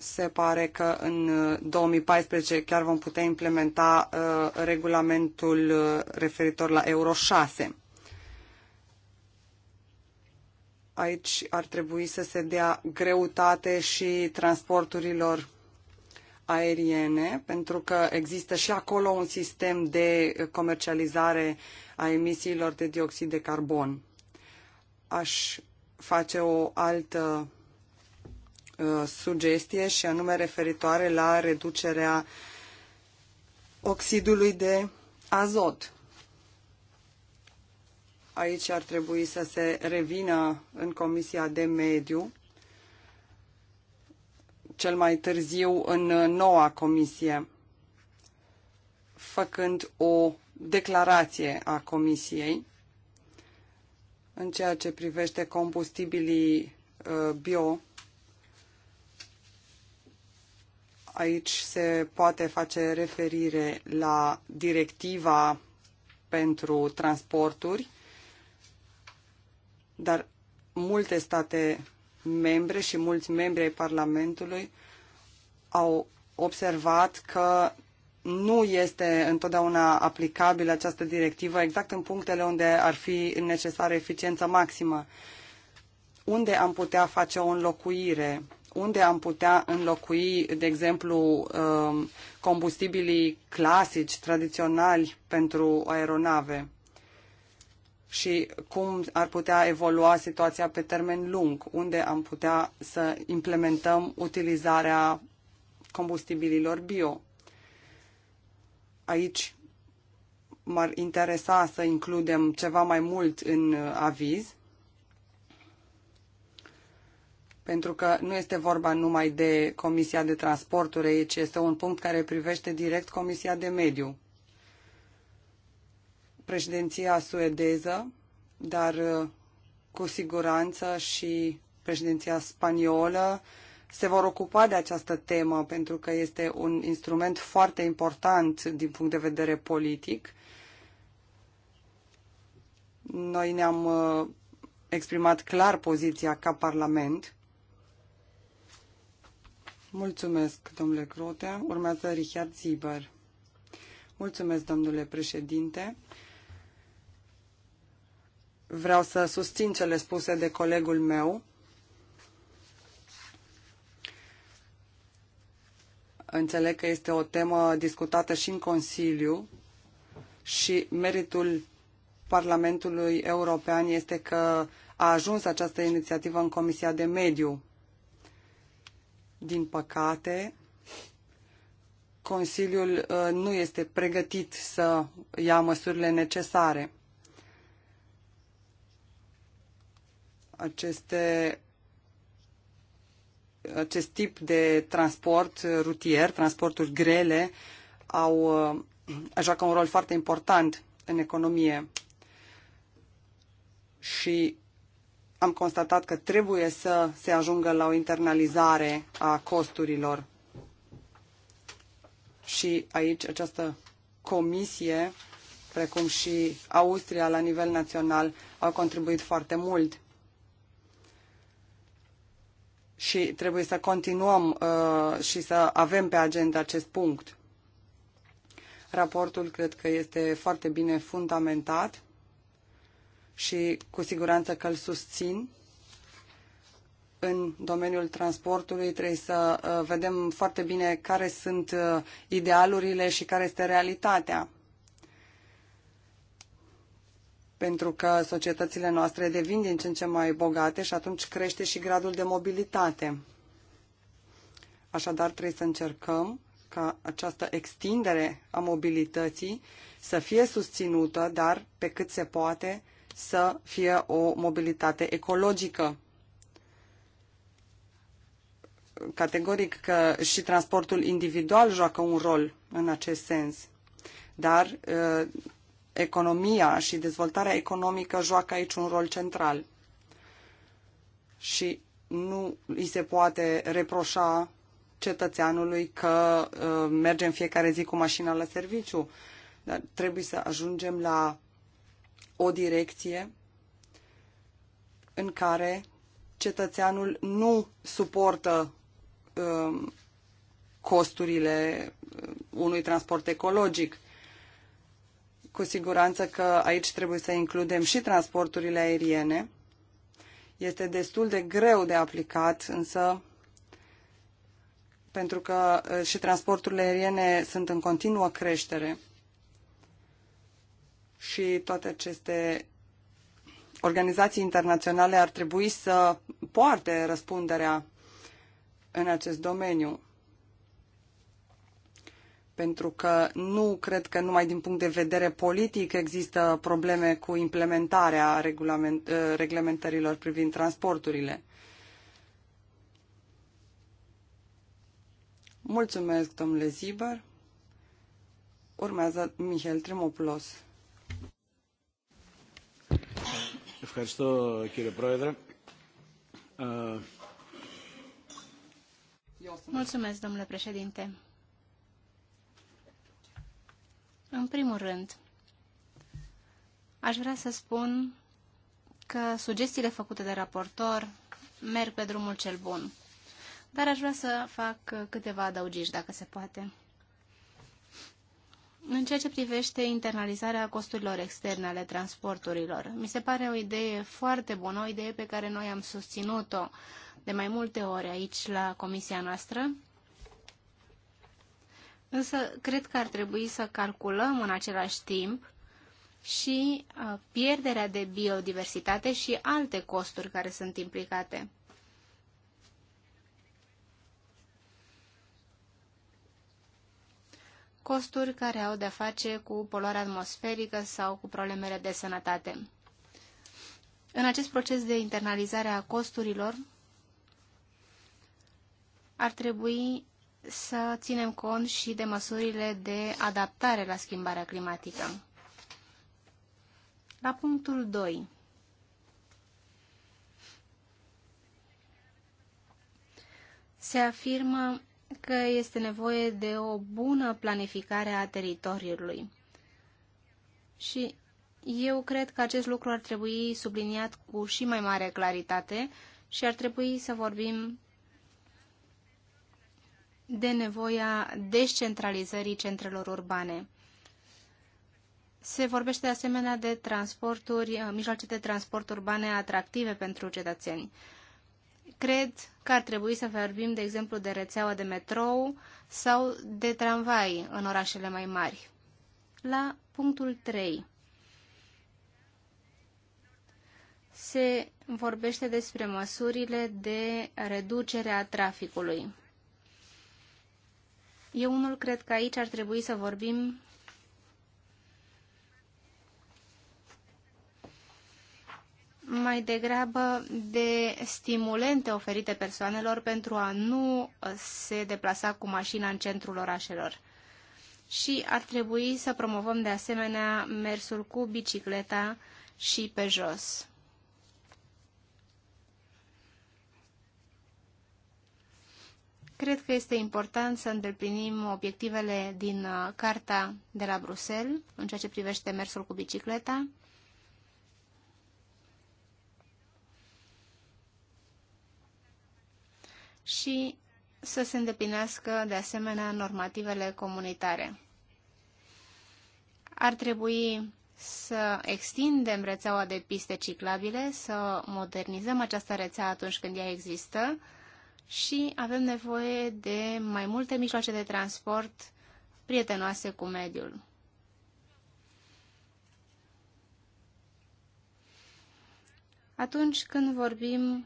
se pare că în 2014 uh, chiar vom putea implementa uh, regulamentul uh, referitor la Euro 6. Aici ar trebui să se dea greutate și transporturilor aeriene, pentru că există și acolo un sistem de comercializare a emisiilor de dioxid de carbon. Aș face o altă Uh, sugestie și anume referitoare la reducerea oxidului de azot. Aici ar trebui să se revină în Comisia de Mediu, cel mai târziu în noua comisie, făcând o declarație a comisiei în ceea ce privește combustibilii uh, bio Aici se poate face referire la directiva pentru transporturi, dar multe state membre și mulți membri ai Parlamentului au observat că nu este întotdeauna aplicabilă această directivă exact în punctele unde ar fi necesară eficiență maximă. Unde am putea face o înlocuire? unde am putea înlocui, de exemplu, um, combustibilii clasici, tradiționali pentru aeronave și cum ar putea evolua situația pe termen lung, unde am putea să implementăm utilizarea combustibililor bio. Aici m-ar interesa să includem ceva mai mult în uh, aviz pentru că nu este vorba numai de Comisia de Transporturi, ci este un punct care privește direct Comisia de Mediu. Președinția suedeză, dar uh, cu siguranță și președinția spaniolă se vor ocupa de această temă pentru că este un instrument foarte important din punct de vedere politic. Noi ne-am uh, exprimat clar poziția ca Parlament Mulțumesc, domnule Crotea. Urmează Richard Zibar. Mulțumesc, domnule președinte. Vreau să susțin cele spuse de colegul meu. Înțeleg că este o temă discutată și în Consiliu și meritul Parlamentului European este că a ajuns această inițiativă în Comisia de Mediu din păcate, Consiliul uh, nu este pregătit să ia măsurile necesare. Aceste, acest tip de transport rutier, transporturi grele, au, uh, joacă un rol foarte important în economie și am constatat că trebuie să se ajungă la o internalizare a costurilor. Și aici această comisie, precum și Austria la nivel național, au contribuit foarte mult. Și trebuie să continuăm uh, și să avem pe agenda acest punct. Raportul cred că este foarte bine fundamentat și cu siguranță că îl susțin. În domeniul transportului trebuie să uh, vedem foarte bine care sunt uh, idealurile și care este realitatea. Pentru că societățile noastre devin din ce în ce mai bogate și atunci crește și gradul de mobilitate. Așadar, trebuie să încercăm ca această extindere a mobilității să fie susținută, dar pe cât se poate, să fie o mobilitate ecologică. Categoric că și transportul individual joacă un rol în acest sens, dar uh, economia și dezvoltarea economică joacă aici un rol central. Și nu îi se poate reproșa cetățeanului că uh, merge în fiecare zi cu mașina la serviciu. Dar trebuie să ajungem la o direcție în care cetățeanul nu suportă um, costurile um, unui transport ecologic. Cu siguranță că aici trebuie să includem și transporturile aeriene. Este destul de greu de aplicat, însă pentru că uh, și transporturile aeriene sunt în continuă creștere și toate aceste organizații internaționale ar trebui să poarte răspunderea în acest domeniu. Pentru că nu cred că numai din punct de vedere politic există probleme cu implementarea regulament, eh, reglementărilor privind transporturile. Mulțumesc, domnule Ziber. Urmează Mihail Tremopoulos. Ευχαριστώ κύριε Πρόεδρε. Mulțumesc, domnule președinte. În primul rând, aș vrea să spun că sugestiile făcute de raportor merg pe drumul cel bun, dar aș vrea să fac câteva adăugiri, dacă se poate. În ceea ce privește internalizarea costurilor externe ale transporturilor, mi se pare o idee foarte bună, o idee pe care noi am susținut-o de mai multe ori aici la comisia noastră. Însă, cred că ar trebui să calculăm în același timp și uh, pierderea de biodiversitate și alte costuri care sunt implicate. costuri care au de-a face cu poluarea atmosferică sau cu problemele de sănătate. În acest proces de internalizare a costurilor, ar trebui să ținem cont și de măsurile de adaptare la schimbarea climatică. La punctul 2. Se afirmă că este nevoie de o bună planificare a teritoriului. Și eu cred că acest lucru ar trebui subliniat cu și mai mare claritate și ar trebui să vorbim de nevoia descentralizării centrelor urbane. Se vorbește de asemenea de transporturi, mijloace de transport urbane atractive pentru cetățeni. Cred că ar trebui să vorbim, de exemplu, de rețeaua de metrou sau de tramvai în orașele mai mari. La punctul 3 se vorbește despre măsurile de reducere a traficului. Eu unul cred că aici ar trebui să vorbim mai degrabă de stimulente oferite persoanelor pentru a nu se deplasa cu mașina în centrul orașelor. Și ar trebui să promovăm de asemenea mersul cu bicicleta și pe jos. Cred că este important să îndeplinim obiectivele din uh, Carta de la Bruxelles în ceea ce privește mersul cu bicicleta și să se îndeplinească de asemenea normativele comunitare. Ar trebui să extindem rețeaua de piste ciclabile, să modernizăm această rețea atunci când ea există și avem nevoie de mai multe mijloace de transport prietenoase cu mediul. Atunci când vorbim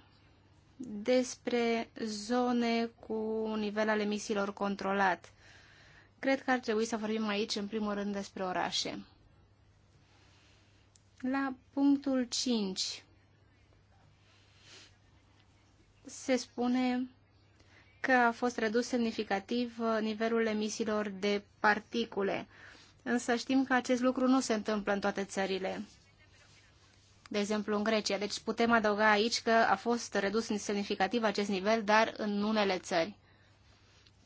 despre zone cu un nivel al emisiilor controlat. Cred că ar trebui să vorbim aici, în primul rând, despre orașe. La punctul 5 se spune că a fost redus semnificativ uh, nivelul emisiilor de particule. Însă știm că acest lucru nu se întâmplă în toate țările de exemplu în Grecia. Deci putem adăuga aici că a fost redus semnificativ acest nivel, dar în unele țări.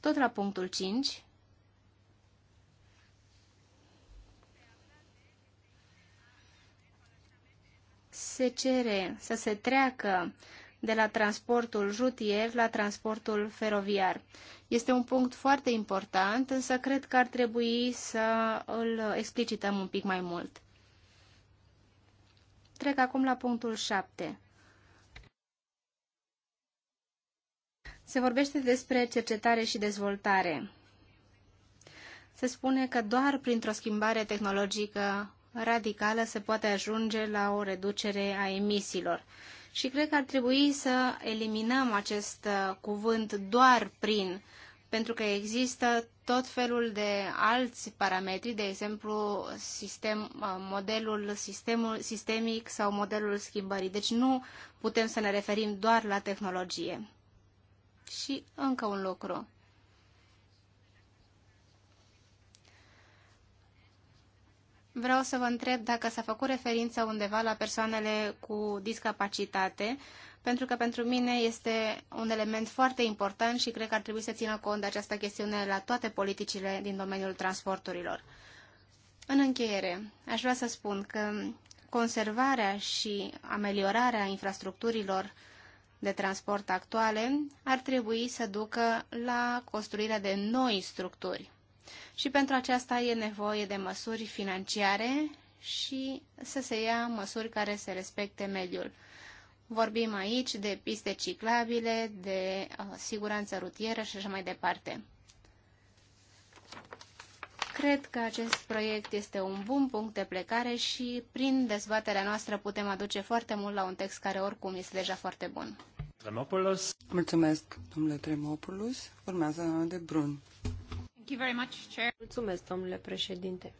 Tot la punctul 5. Se cere să se treacă de la transportul rutier la transportul feroviar. Este un punct foarte important, însă cred că ar trebui să îl explicităm un pic mai mult. Trec acum la punctul 7. Se vorbește despre cercetare și dezvoltare. Se spune că doar printr-o schimbare tehnologică radicală se poate ajunge la o reducere a emisiilor. Și cred că ar trebui să eliminăm acest uh, cuvânt doar prin, pentru că există tot felul de alți parametri, de exemplu sistem, uh, modelul sistemul, sistemic sau modelul schimbării. Deci nu putem să ne referim doar la tehnologie. Și încă un lucru. Vreau să vă întreb dacă s-a făcut referință undeva la persoanele cu discapacitate, pentru că pentru mine este un element foarte important și cred că ar trebui să țină cont de această chestiune la toate politicile din domeniul transporturilor. În încheiere, aș vrea să spun că conservarea și ameliorarea infrastructurilor de transport actuale ar trebui să ducă la construirea de noi structuri. Și pentru aceasta e nevoie de măsuri financiare și să se ia măsuri care să respecte mediul. Vorbim aici de piste ciclabile, de uh, siguranță rutieră și așa mai departe. Cred că acest proiect este un bun punct de plecare și prin dezbaterea noastră putem aduce foarte mult la un text care oricum este deja foarte bun. Tremopoulos. Mulțumesc, domnule Tremopoulos. Urmează de Brun. Thank you very much, Chair. Mulțumesc, domnule președinte.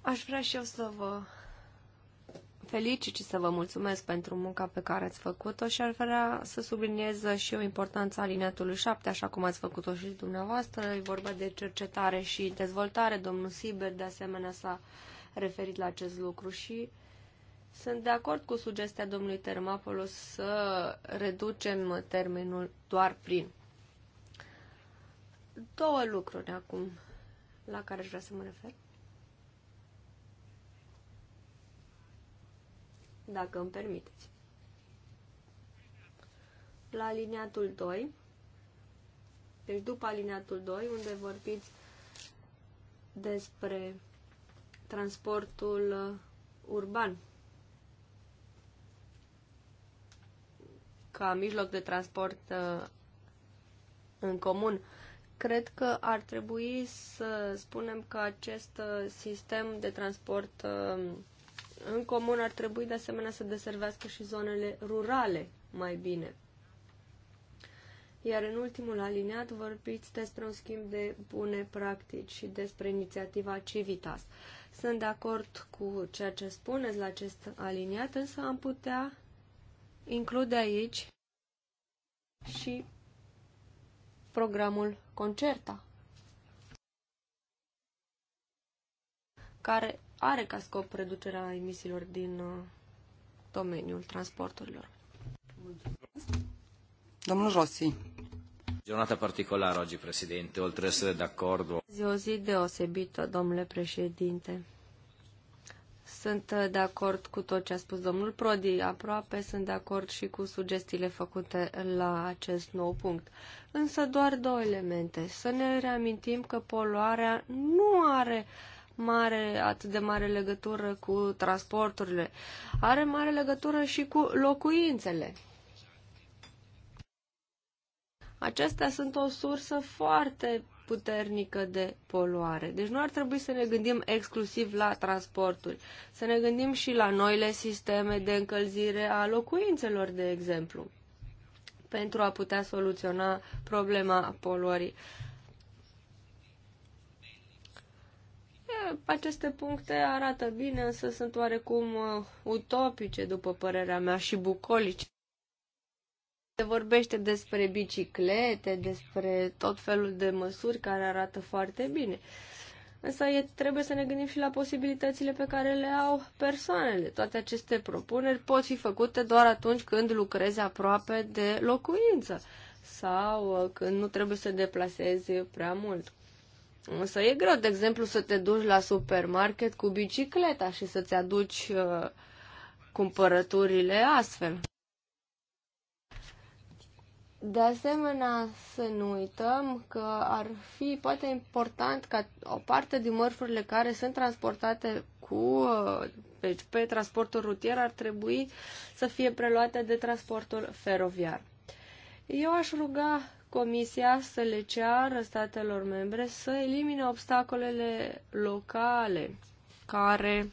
Aș vrea și eu să vă felicit și să vă mulțumesc pentru munca pe care ați făcut-o și ar vrea să subliniez și eu importanța alineatului 7, așa cum ați făcut-o și dumneavoastră. E vorba de cercetare și dezvoltare. Domnul Siber, de asemenea, s-a referit la acest lucru și sunt de acord cu sugestia domnului Termapolos să reducem termenul doar prin. Două lucruri acum la care aș vrea să mă refer. dacă îmi permiteți. La aliniatul 2, deci după aliniatul 2, unde vorbiți despre transportul uh, urban ca mijloc de transport uh, în comun. Cred că ar trebui să spunem că acest uh, sistem de transport în comun ar trebui de asemenea să deservească și zonele rurale mai bine. Iar în ultimul aliniat vorbiți despre un schimb de bune practici și despre inițiativa Civitas. Sunt de acord cu ceea ce spuneți la acest aliniat, însă am putea include aici și programul Concerta, care are ca scop reducerea emisiilor din uh, domeniul transporturilor. Domnul Rossi. Giornata particolară oggi, Presidente, oltre a essere d'accordo. Zi o zi deosebită, domnule președinte. Sunt uh, de acord cu tot ce a spus domnul Prodi, aproape sunt de acord și cu sugestiile făcute la acest nou punct. Însă doar două elemente. Să ne reamintim că poluarea nu are uh, mare, atât de mare legătură cu transporturile. Are mare legătură și cu locuințele. Acestea sunt o sursă foarte puternică de poluare. Deci nu ar trebui să ne gândim exclusiv la transporturi, să ne gândim și la noile sisteme de încălzire a locuințelor, de exemplu, pentru a putea soluționa problema poluării. aceste puncte arată bine, însă sunt oarecum uh, utopice, după părerea mea, și bucolice. Se vorbește despre biciclete, despre tot felul de măsuri care arată foarte bine. Însă e, trebuie să ne gândim și la posibilitățile pe care le au persoanele. Toate aceste propuneri pot fi făcute doar atunci când lucrezi aproape de locuință sau uh, când nu trebuie să deplasezi prea mult. Însă e greu, de exemplu, să te duci la supermarket cu bicicleta și să-ți aduci uh, cumpărăturile astfel. De asemenea, să nu uităm că ar fi poate important ca o parte din mărfurile care sunt transportate cu pe, uh, deci pe transportul rutier ar trebui să fie preluate de transportul feroviar. Eu aș ruga Comisia să le ceară statelor membre să elimine obstacolele locale care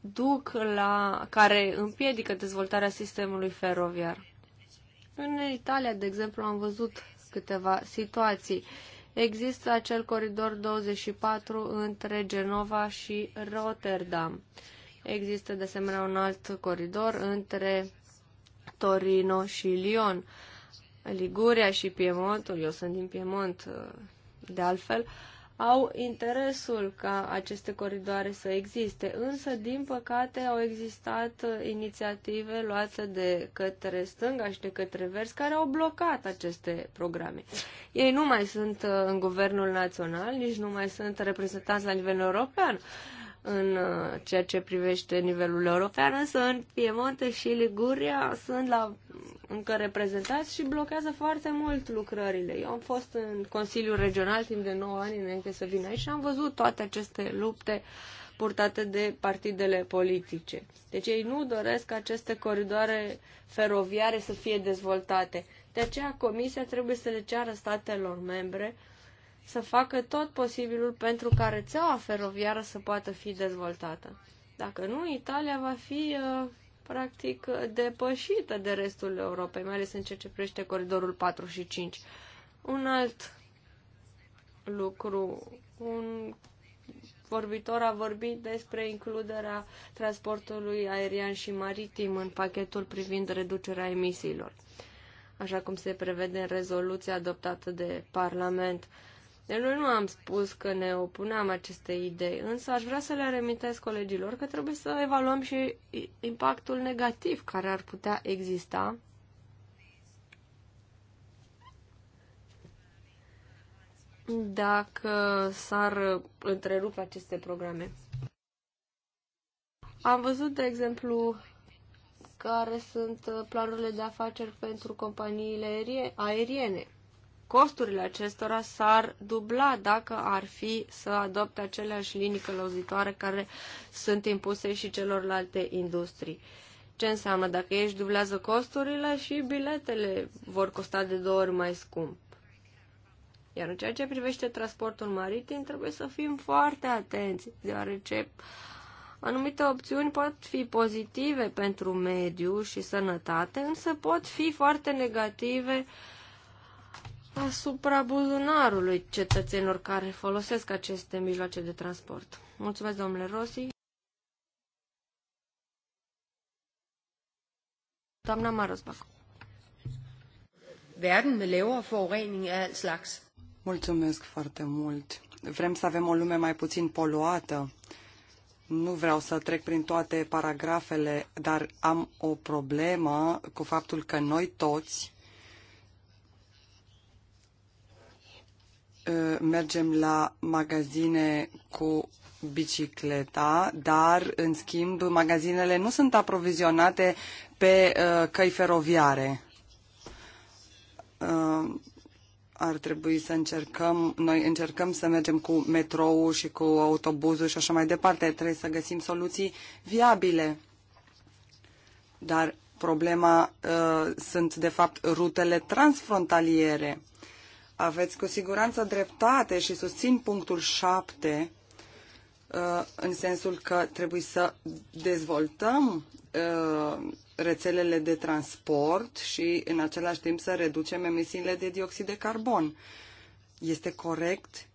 duc la, care împiedică dezvoltarea sistemului feroviar. În Italia, de exemplu, am văzut câteva situații. Există acel coridor 24 între Genova și Rotterdam. Există de asemenea un alt coridor între Torino și Lyon. Liguria și Piemontul, eu sunt din Piemont uh, de altfel, au interesul ca aceste coridoare să existe, însă, din păcate, au existat uh, inițiative luate de către stânga și de către vers care au blocat aceste programe. Ei nu mai sunt uh, în guvernul național, nici nu mai sunt reprezentanți la nivel european. Uh, în uh, ceea ce privește nivelul european, însă în Piemonte și Liguria sunt la, încă reprezentați și blochează foarte mult lucrările. Eu am fost în Consiliul Regional timp de 9 ani înainte să vin aici și am văzut toate aceste lupte purtate de partidele politice. Deci ei nu doresc aceste coridoare feroviare să fie dezvoltate. De aceea Comisia trebuie să le ceară statelor membre uh, să facă tot posibilul pentru ca rețeaua feroviară să poată fi dezvoltată. Dacă nu, Italia va fi uh, practic depășită de restul Europei, mai ales în ceea ce privește coridorul 4 și 5. Un alt lucru, un vorbitor a vorbit despre includerea transportului aerian și maritim în pachetul privind reducerea emisiilor, așa cum se prevede în rezoluția adoptată de Parlament. Uh, deci noi nu am spus că ne opuneam aceste idei, însă aș vrea să le remitez colegilor că trebuie să evaluăm și impactul negativ care ar putea exista dacă s-ar întrerupe aceste programe. Am văzut, de exemplu, care sunt planurile de afaceri pentru companiile aeriene costurile acestora s-ar dubla dacă ar fi să adopte aceleași linii călăuzitoare care sunt impuse și celorlalte industrii. Ce înseamnă? Dacă ei își dublează costurile și biletele vor costa de două ori mai scump. Iar în ceea ce privește transportul maritim, trebuie să fim foarte atenți, deoarece anumite opțiuni pot fi pozitive pentru mediu și sănătate, însă pot fi foarte negative uh, asupra buzunarului cetățenilor care folosesc aceste mijloace de transport. Mulțumesc, domnule Rossi. Doamna Marosbac. Verden med lavere forurening af alt slags. Mulțumesc foarte mult. Vrem să avem o lume mai puțin poluată. Nu vreau să trec prin toate paragrafele, dar am o problemă cu faptul că noi toți Ă, mergem la magazine cu bicicleta, dar, în schimb, magazinele nu sunt aprovizionate pe uh, căi feroviare. Uh, ar trebui să încercăm, noi încercăm să mergem cu metrou și cu autobuzul și așa mai departe. Trebuie să găsim soluții viabile. Dar problema uh, sunt, de fapt, rutele transfrontaliere. Uh, aveți cu siguranță dreptate și susțin punctul 7 uh, în sensul că trebuie să dezvoltăm uh, rețelele de transport și în același timp să reducem emisiile de dioxid de carbon. Este corect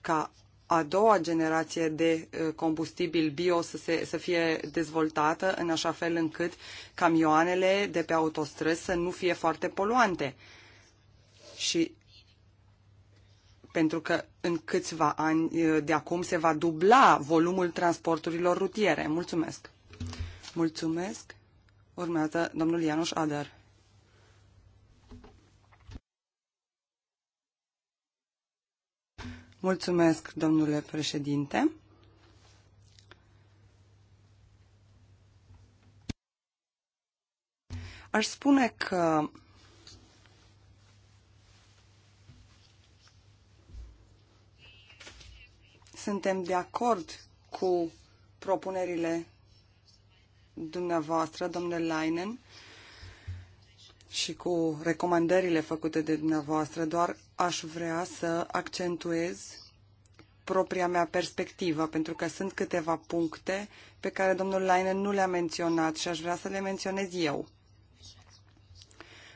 ca a doua generație de uh, combustibil bio să, se, să fie dezvoltată în așa fel încât camioanele de pe autostrăzi să nu fie foarte poluante. Uh, și pentru că în câțiva ani de acum se va dubla volumul transporturilor rutiere. Mulțumesc! Mulțumesc! Urmează domnul Ianuș Adar. Mulțumesc, domnule președinte. Aș spune că Suntem de acord cu propunerile dumneavoastră, domnule Leinen, și cu recomandările făcute de dumneavoastră, doar aș vrea să accentuez propria mea perspectivă, pentru că sunt câteva puncte pe care domnul Leinen nu le-a menționat și aș vrea să le menționez eu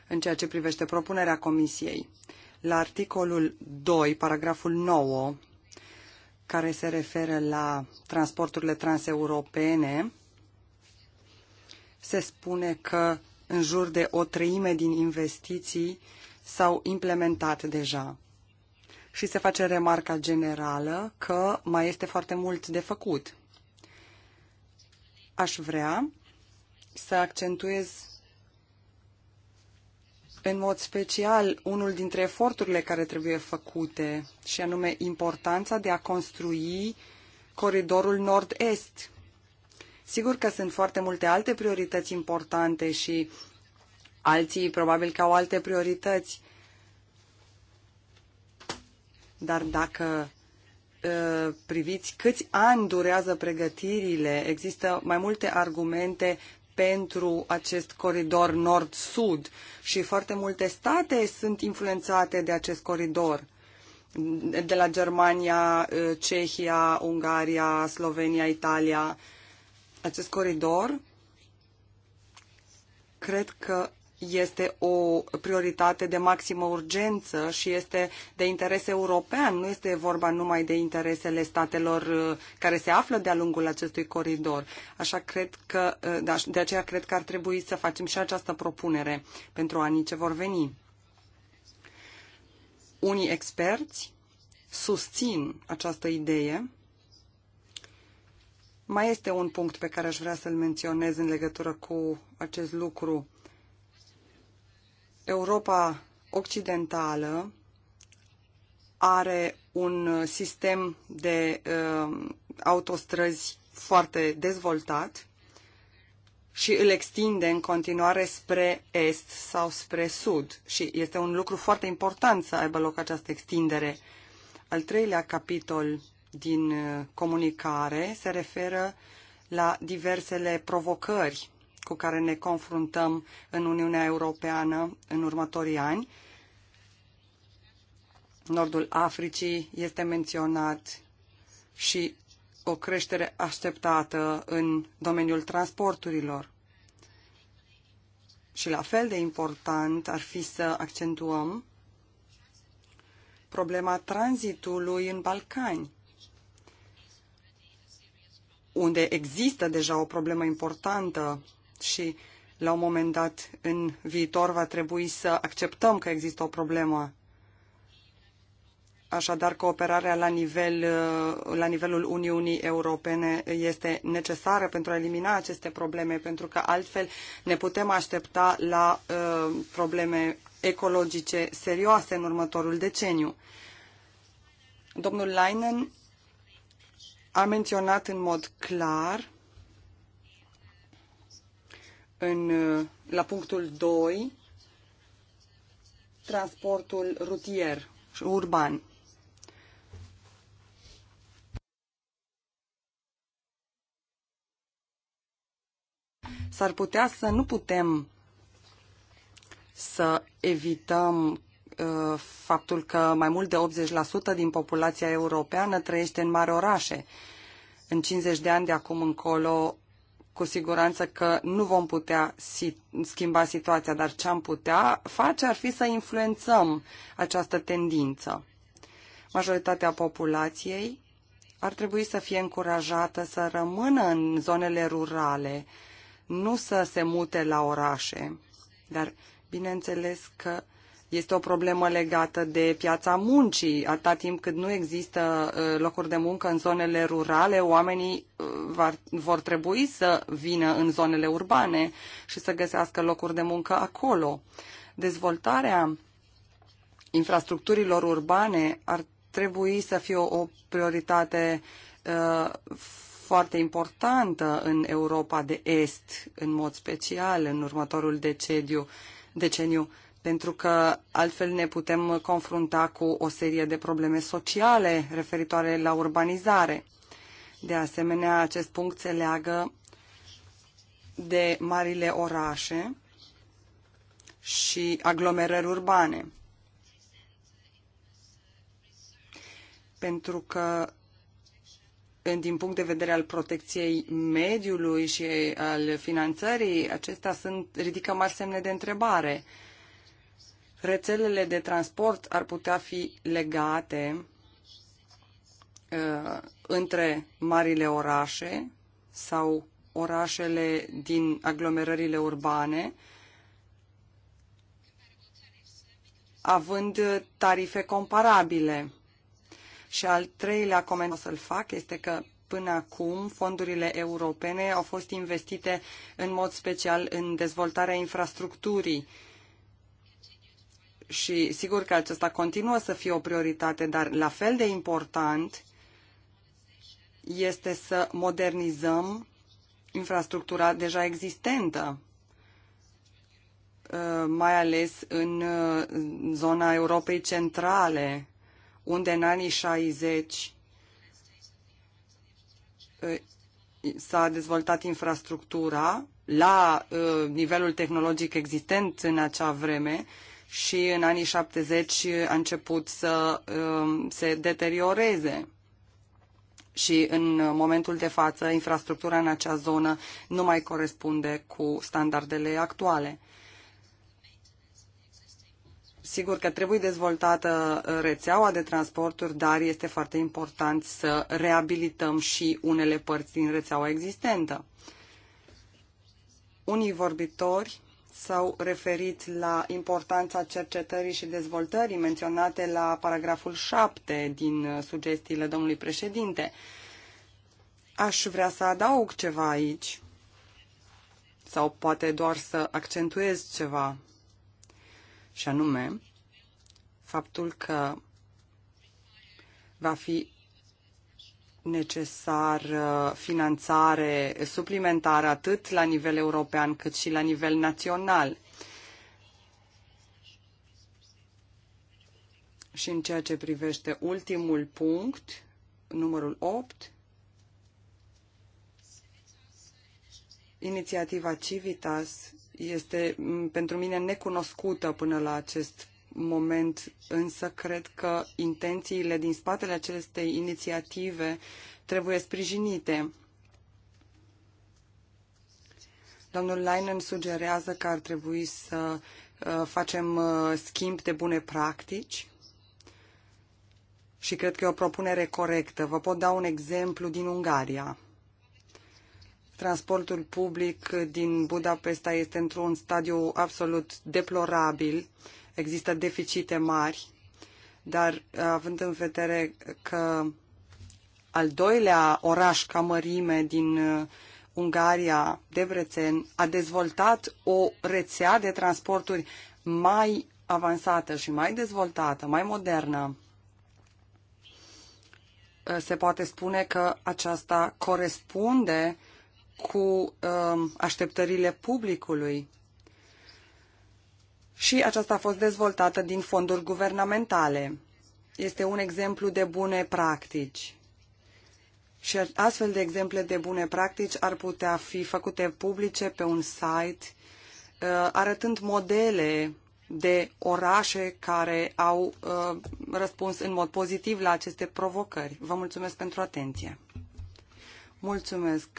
în ceea ce privește propunerea Comisiei. La articolul 2, paragraful 9, care se referă la transporturile transeuropene, se spune că în jur de o treime din investiții s-au implementat deja. Și se face remarca generală că mai este foarte mult de făcut. Aș vrea să accentuez în mod special unul dintre eforturile care trebuie făcute, și anume importanța de a construi coridorul nord-est. Sigur că sunt foarte multe alte priorități importante și alții probabil că au alte priorități. Dar dacă ă, priviți câți ani durează pregătirile, există mai multe argumente pentru acest coridor nord-sud și foarte multe state sunt influențate de acest coridor. De la Germania, uh, Cehia, Ungaria, Slovenia, Italia. Acest coridor cred că este o prioritate de maximă urgență și este de interes european, nu este vorba numai de interesele statelor uh, care se află de-a lungul acestui coridor. Așa cred că, uh, da, de aceea cred că ar trebui să facem și această propunere pentru anii ce vor veni. Unii experți susțin această idee. Mai este un punct pe care aș vrea să-l menționez în legătură cu acest lucru Europa Occidentală are un sistem de uh, autostrăzi foarte dezvoltat și îl extinde în continuare spre est sau spre sud. Și este un lucru foarte important să aibă loc această extindere. Al treilea capitol din uh, comunicare se referă la diversele provocări cu care ne confruntăm în Uniunea Europeană în următorii ani. Nordul Africii este menționat și o creștere așteptată în domeniul transporturilor. Și la fel de important ar fi să accentuăm problema tranzitului în Balcani, unde există deja o problemă importantă și la un moment dat în viitor va trebui să acceptăm că există o problemă. Așadar, cooperarea la, nivel, uh, la nivelul Uniunii Europene este necesară pentru a elimina aceste probleme, pentru că altfel ne putem aștepta la uh, probleme ecologice serioase în următorul deceniu. Domnul Leinen a menționat în mod clar în, uh, la punctul 2, transportul rutier și urban. S-ar putea să nu putem să evităm uh, faptul că mai mult de 80% din populația europeană trăiește în mari orașe. În 50 de ani de acum încolo cu siguranță că nu vom putea schimba situația, dar ce am putea face ar fi să influențăm această tendință. Majoritatea populației ar trebui să fie încurajată să rămână în zonele rurale, nu să se mute la orașe. Dar bineînțeles că este o problemă legată de piața muncii. Atâta timp cât nu există uh, locuri de muncă în zonele rurale, oamenii uh, vor trebui să vină în zonele urbane și să găsească locuri de muncă acolo. Dezvoltarea infrastructurilor urbane ar trebui să fie o, prioritate uh, foarte importantă în Europa de Est, în mod special în următorul decediu, deceniu pentru că altfel ne putem confrunta cu o serie de probleme sociale referitoare la urbanizare. De asemenea, acest punct se leagă de marile orașe și aglomerări urbane. Pentru că din punct de vedere al protecției mediului și al finanțării, acestea sunt, ridică mari semne de întrebare rețelele de transport ar putea fi legate uh, între marile orașe sau orașele din aglomerările urbane, având tarife comparabile. Și al treilea comentariu să-l fac este că până acum fondurile europene au fost investite în mod special în dezvoltarea infrastructurii uh, și sigur că acesta continuă să fie o prioritate, dar la fel de important este să modernizăm infrastructura deja existentă, uh, mai ales în uh, zona Europei Centrale, unde în anii 60 uh, s-a dezvoltat infrastructura la nivelul tehnologic existent în acea vreme și în anii 70 a început să um, se deterioreze. Și în momentul de față, infrastructura în acea zonă nu mai corespunde cu standardele actuale. Sigur că trebuie dezvoltată uh, rețeaua de transporturi, dar este foarte important să reabilităm și unele părți din rețeaua existentă. Unii vorbitori s-au referit la importanța cercetării și dezvoltării menționate la paragraful 7 din uh, sugestiile domnului președinte. Aș vrea să adaug ceva aici sau poate doar să accentuez ceva și anume faptul că va fi necesar finanțare suplimentară atât la nivel european cât și la nivel național. Și în ceea ce privește ultimul punct, numărul 8, inițiativa Civitas este pentru mine necunoscută până la acest moment, însă cred că intențiile din spatele acestei inițiative trebuie sprijinite. Domnul Leinen sugerează că ar trebui să uh, facem uh, schimb de bune practici și cred că e o propunere corectă. Vă pot da un exemplu din Ungaria. Transportul public din Budapesta este într-un stadiu absolut deplorabil. Uh, există deficite mari, dar uh, având în vedere că al doilea oraș ca mărime din uh, Ungaria, Debrecen, a dezvoltat o rețea de transporturi mai avansată și mai dezvoltată, mai modernă, uh, se poate spune că aceasta corespunde cu așteptările publicului și aceasta a fost dezvoltată din fonduri guvernamentale. Este un exemplu de bune practici. Și astfel de exemple de bune practici ar putea fi făcute publice pe un site, uh, arătând modele de orașe care au uh, răspuns în mod pozitiv la aceste provocări. Vă mulțumesc pentru atenție. Mulțumesc,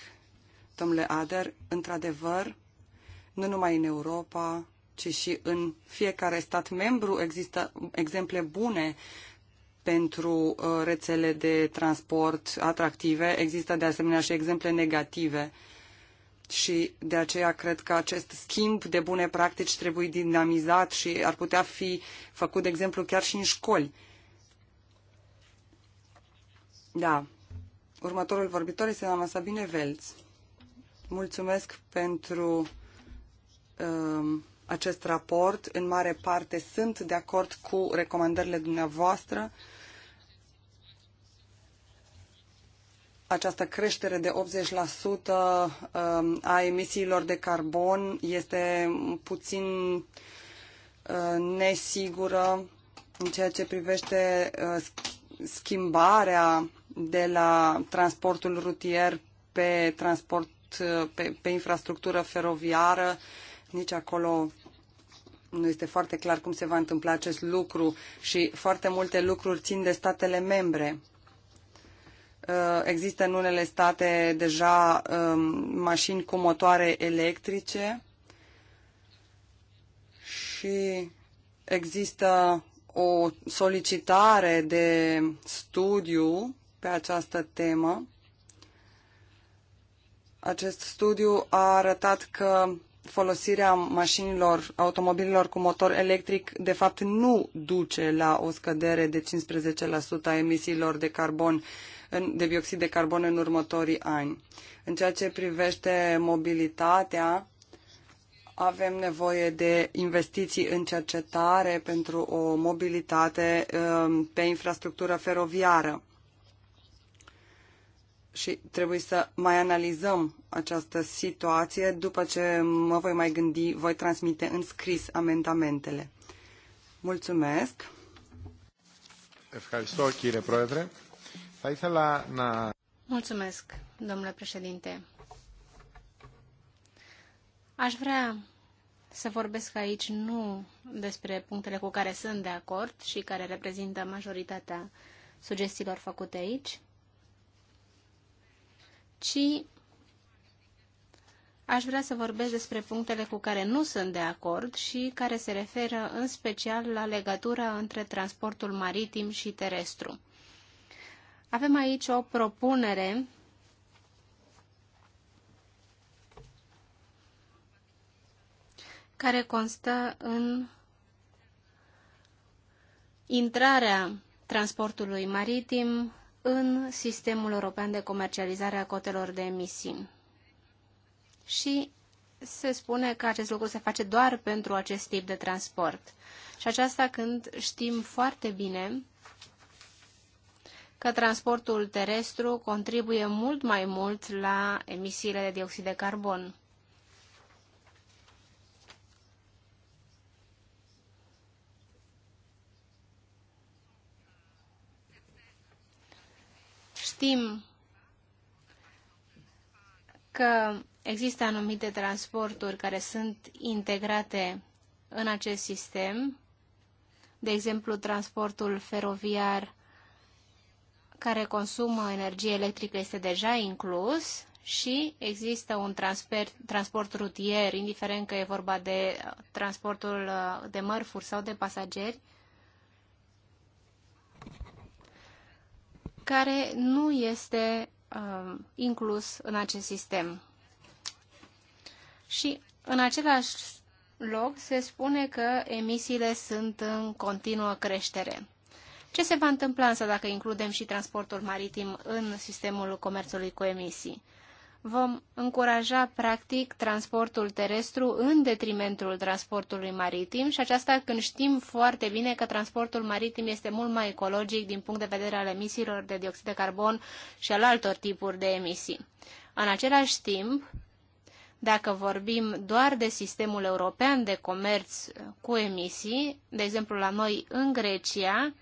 domnule Ader. Într-adevăr, nu numai în Europa, ci și în fiecare stat membru există exemple bune pentru uh, rețele de transport atractive. Există de asemenea și exemple negative și de aceea cred că acest schimb de bune practici trebuie dinamizat și ar putea fi făcut, de exemplu, chiar și în școli. Da. Următorul vorbitor este doamna Sabine Velț. Mulțumesc pentru uh, acest raport. În mare parte sunt de acord cu recomandările dumneavoastră. Această creștere de 80% um, a emisiilor de carbon este puțin uh, nesigură în ceea ce privește uh, schimbarea de la transportul rutier pe transport uh, pe, pe infrastructură feroviară nici acolo nu este foarte clar cum se va întâmpla acest lucru și foarte multe lucruri țin de statele membre. Uh, există în unele state deja um, mașini cu motoare electrice și există o solicitare de studiu pe această temă. Acest studiu a arătat că folosirea mașinilor, automobililor cu motor electric, de fapt nu duce la o scădere de 15% a emisiilor de carbon, de dioxid de carbon în următorii ani. În ceea ce privește mobilitatea, avem nevoie de investiții în cercetare pentru o mobilitate um, pe infrastructură feroviară și trebuie să mai analizăm această situație. După ce mă voi mai gândi, voi transmite în scris amendamentele. Mulțumesc! Mulțumesc, domnule președinte. Aș vrea să vorbesc aici nu despre punctele cu care sunt de acord și care reprezintă majoritatea sugestiilor făcute aici, ci aș vrea să vorbesc despre punctele cu care nu sunt de acord și care se referă în special la legătura între transportul maritim și terestru. Avem aici o propunere care constă în intrarea transportului maritim în sistemul european de comercializare a cotelor de emisii. Și se spune că acest lucru se face doar pentru acest tip de transport. Și aceasta când știm foarte bine că transportul terestru contribuie mult mai mult la emisiile de dioxid de carbon. știm că există anumite transporturi care sunt integrate în acest sistem, de exemplu transportul feroviar care consumă energie electrică este deja inclus și există un transfer, transport rutier, indiferent că e vorba de transportul uh, de mărfuri sau de pasageri, care nu este uh, inclus în acest sistem. Și în același loc se spune că emisiile sunt în continuă creștere. Ce se va întâmpla însă dacă includem și transportul maritim în sistemul comerțului cu emisii? vom încuraja practic transportul terestru în detrimentul transportului maritim și aceasta când știm foarte bine că transportul maritim este mult mai ecologic din punct de vedere al emisiilor de dioxid de carbon și al altor tipuri de emisii. În același timp, dacă vorbim doar de sistemul european de comerț cu emisii, de exemplu la noi în Grecia,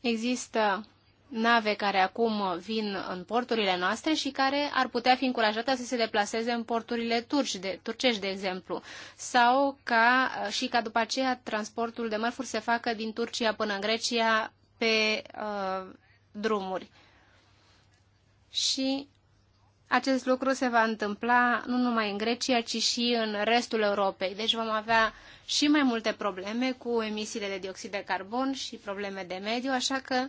există nave care acum vin în porturile noastre și care ar putea fi încurajate să se deplaseze în porturile turci, de, turcești, de exemplu, sau ca, și ca după aceea transportul de mărfuri se facă din Turcia până în Grecia pe uh, drumuri. Și acest lucru se va întâmpla nu numai în Grecia, ci și în restul Europei. Deci vom avea și mai multe probleme cu emisiile de dioxid de carbon și probleme de mediu, așa că uh,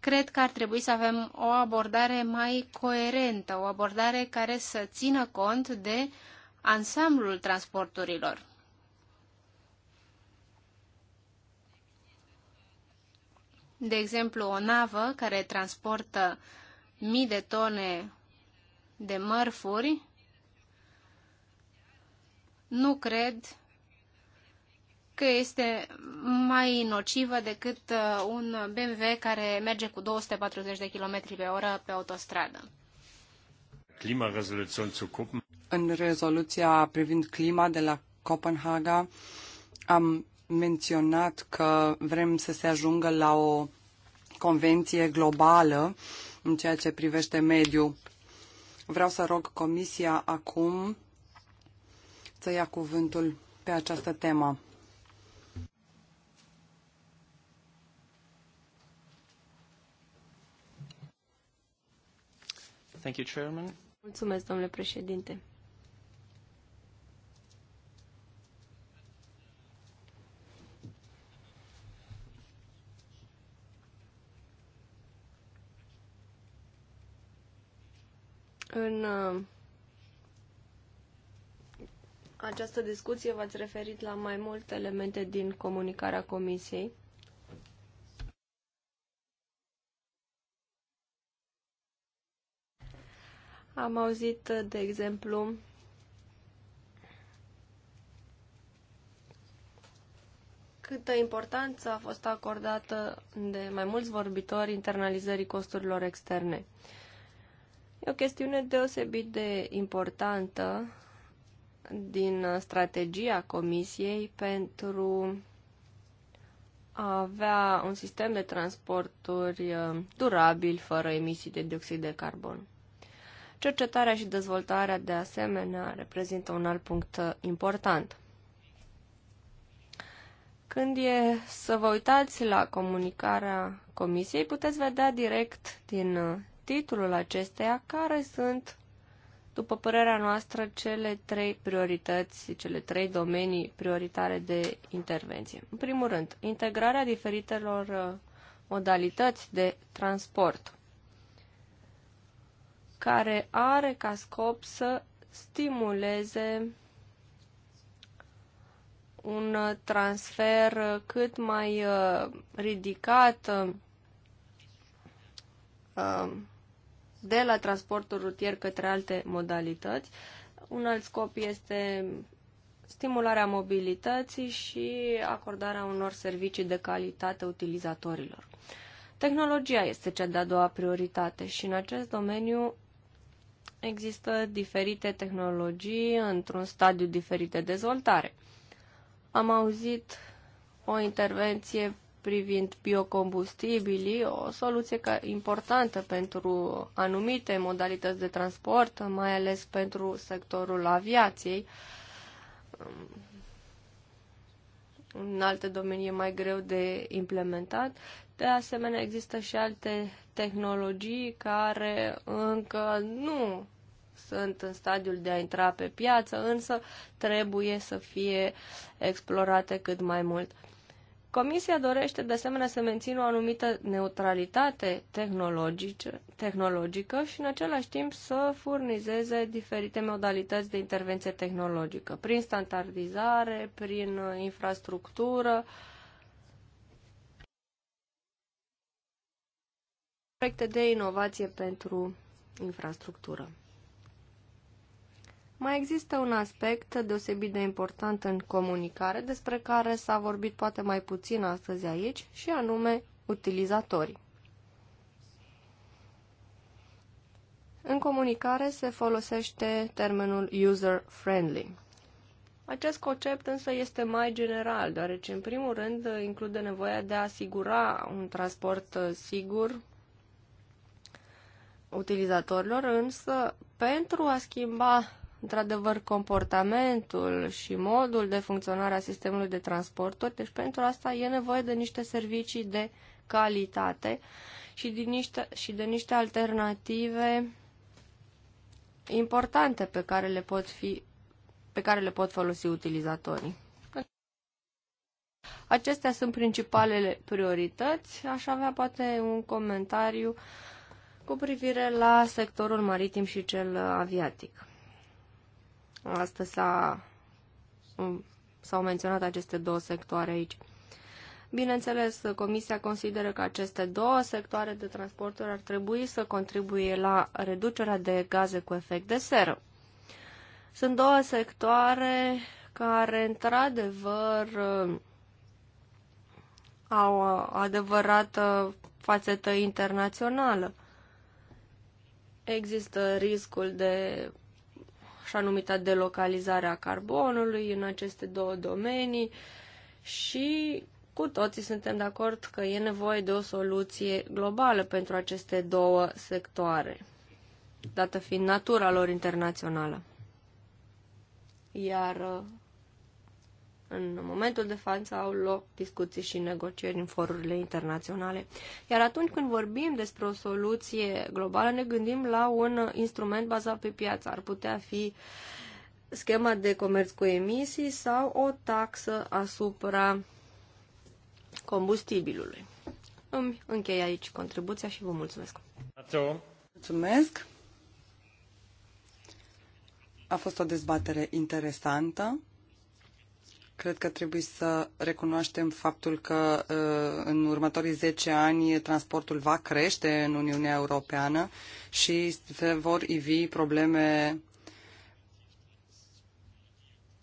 cred că ar trebui să avem o abordare mai coerentă, o abordare care să țină cont de ansamblul transporturilor. De exemplu, o navă care transportă mii de tone de mărfuri, nu cred că este mai nocivă decât uh, un BMW care merge cu 240 de km pe oră pe autostradă. În rezoluția privind clima de la Copenhaga am menționat că vrem să se ajungă la o convenție globală în ceea ce privește mediul. Vreau să rog Comisia acum să ia cuvântul pe această temă. Thank you, Chairman. Mulțumesc, domnule președinte. În uh, această discuție v-ați referit la mai multe elemente din comunicarea Comisiei. Am auzit, de exemplu, câtă importanță a fost acordată de mai mulți vorbitori internalizării costurilor externe. E o chestiune deosebit de importantă din strategia Comisiei pentru a avea un sistem de transporturi uh, durabil, fără emisii de dioxid de carbon. Cercetarea și dezvoltarea, de asemenea, reprezintă un alt punct uh, important. Când e să vă uitați la comunicarea comisiei, puteți vedea direct din uh, titlul acesteia care sunt, după părerea noastră, cele trei priorități, cele trei domenii prioritare de intervenție. În primul rând, integrarea diferitelor uh, modalități de transport care are ca scop să stimuleze un transfer cât mai uh, ridicat uh, de la transportul rutier către alte modalități. Un alt scop este stimularea mobilității și acordarea unor servicii de calitate utilizatorilor. Tehnologia este cea de-a doua prioritate și în acest domeniu există diferite tehnologii într-un stadiu diferit de dezvoltare. Am auzit o intervenție privind biocombustibilii, o soluție importantă pentru anumite modalități de transport, mai ales pentru sectorul aviației. În alte domenii e mai greu de implementat. De asemenea, există și alte tehnologii care încă nu sunt în stadiul de a intra pe piață, însă trebuie să fie explorate cât mai mult. Comisia dorește de asemenea să mențină o anumită neutralitate tehnologică și în același timp să furnizeze diferite modalități de intervenție tehnologică, prin standardizare, prin infrastructură, uh, proiecte de inovație pentru infrastructură. Mai există un aspect deosebit de important în comunicare, despre care s-a vorbit poate mai puțin astăzi aici, și anume utilizatorii. În comunicare se folosește termenul user-friendly. Acest concept însă este mai general, deoarece în primul rând include nevoia de a asigura un transport sigur, utilizatorilor, însă pentru a schimba într-adevăr comportamentul și modul de funcționare a sistemului de transporturi, deci pentru asta e nevoie de niște servicii de calitate și, de niște, și de niște alternative importante pe care le pot fi pe care le pot folosi utilizatorii. Acestea sunt principalele priorități. Aș avea poate un comentariu uh, cu privire la sectorul maritim și cel uh, aviatic. Astăzi s-a, um, s-au menționat aceste două sectoare aici. Bineînțeles, Comisia consideră că aceste două sectoare de transporturi ar trebui să contribuie la reducerea de gaze cu efect de seră. Sunt două sectoare care, într-adevăr, uh, au uh, adevărată fațetă internațională. Există riscul de așa numită delocalizare a carbonului în aceste două domenii și cu toții suntem de acord că e nevoie de o soluție globală pentru aceste două sectoare, dată fiind natura lor internațională. Iar uh, în momentul de față au loc discuții și negocieri în forurile internaționale. Iar atunci când vorbim despre o soluție globală, ne gândim la un instrument bazat pe piață. Ar putea fi schema de comerț cu emisii sau o taxă asupra combustibilului. Îmi închei aici contribuția și vă mulțumesc. Mulțumesc! A fost o dezbatere interesantă. Cred că trebuie să recunoaștem faptul că uh, în următorii 10 ani transportul va crește în Uniunea Europeană și se vor ivi probleme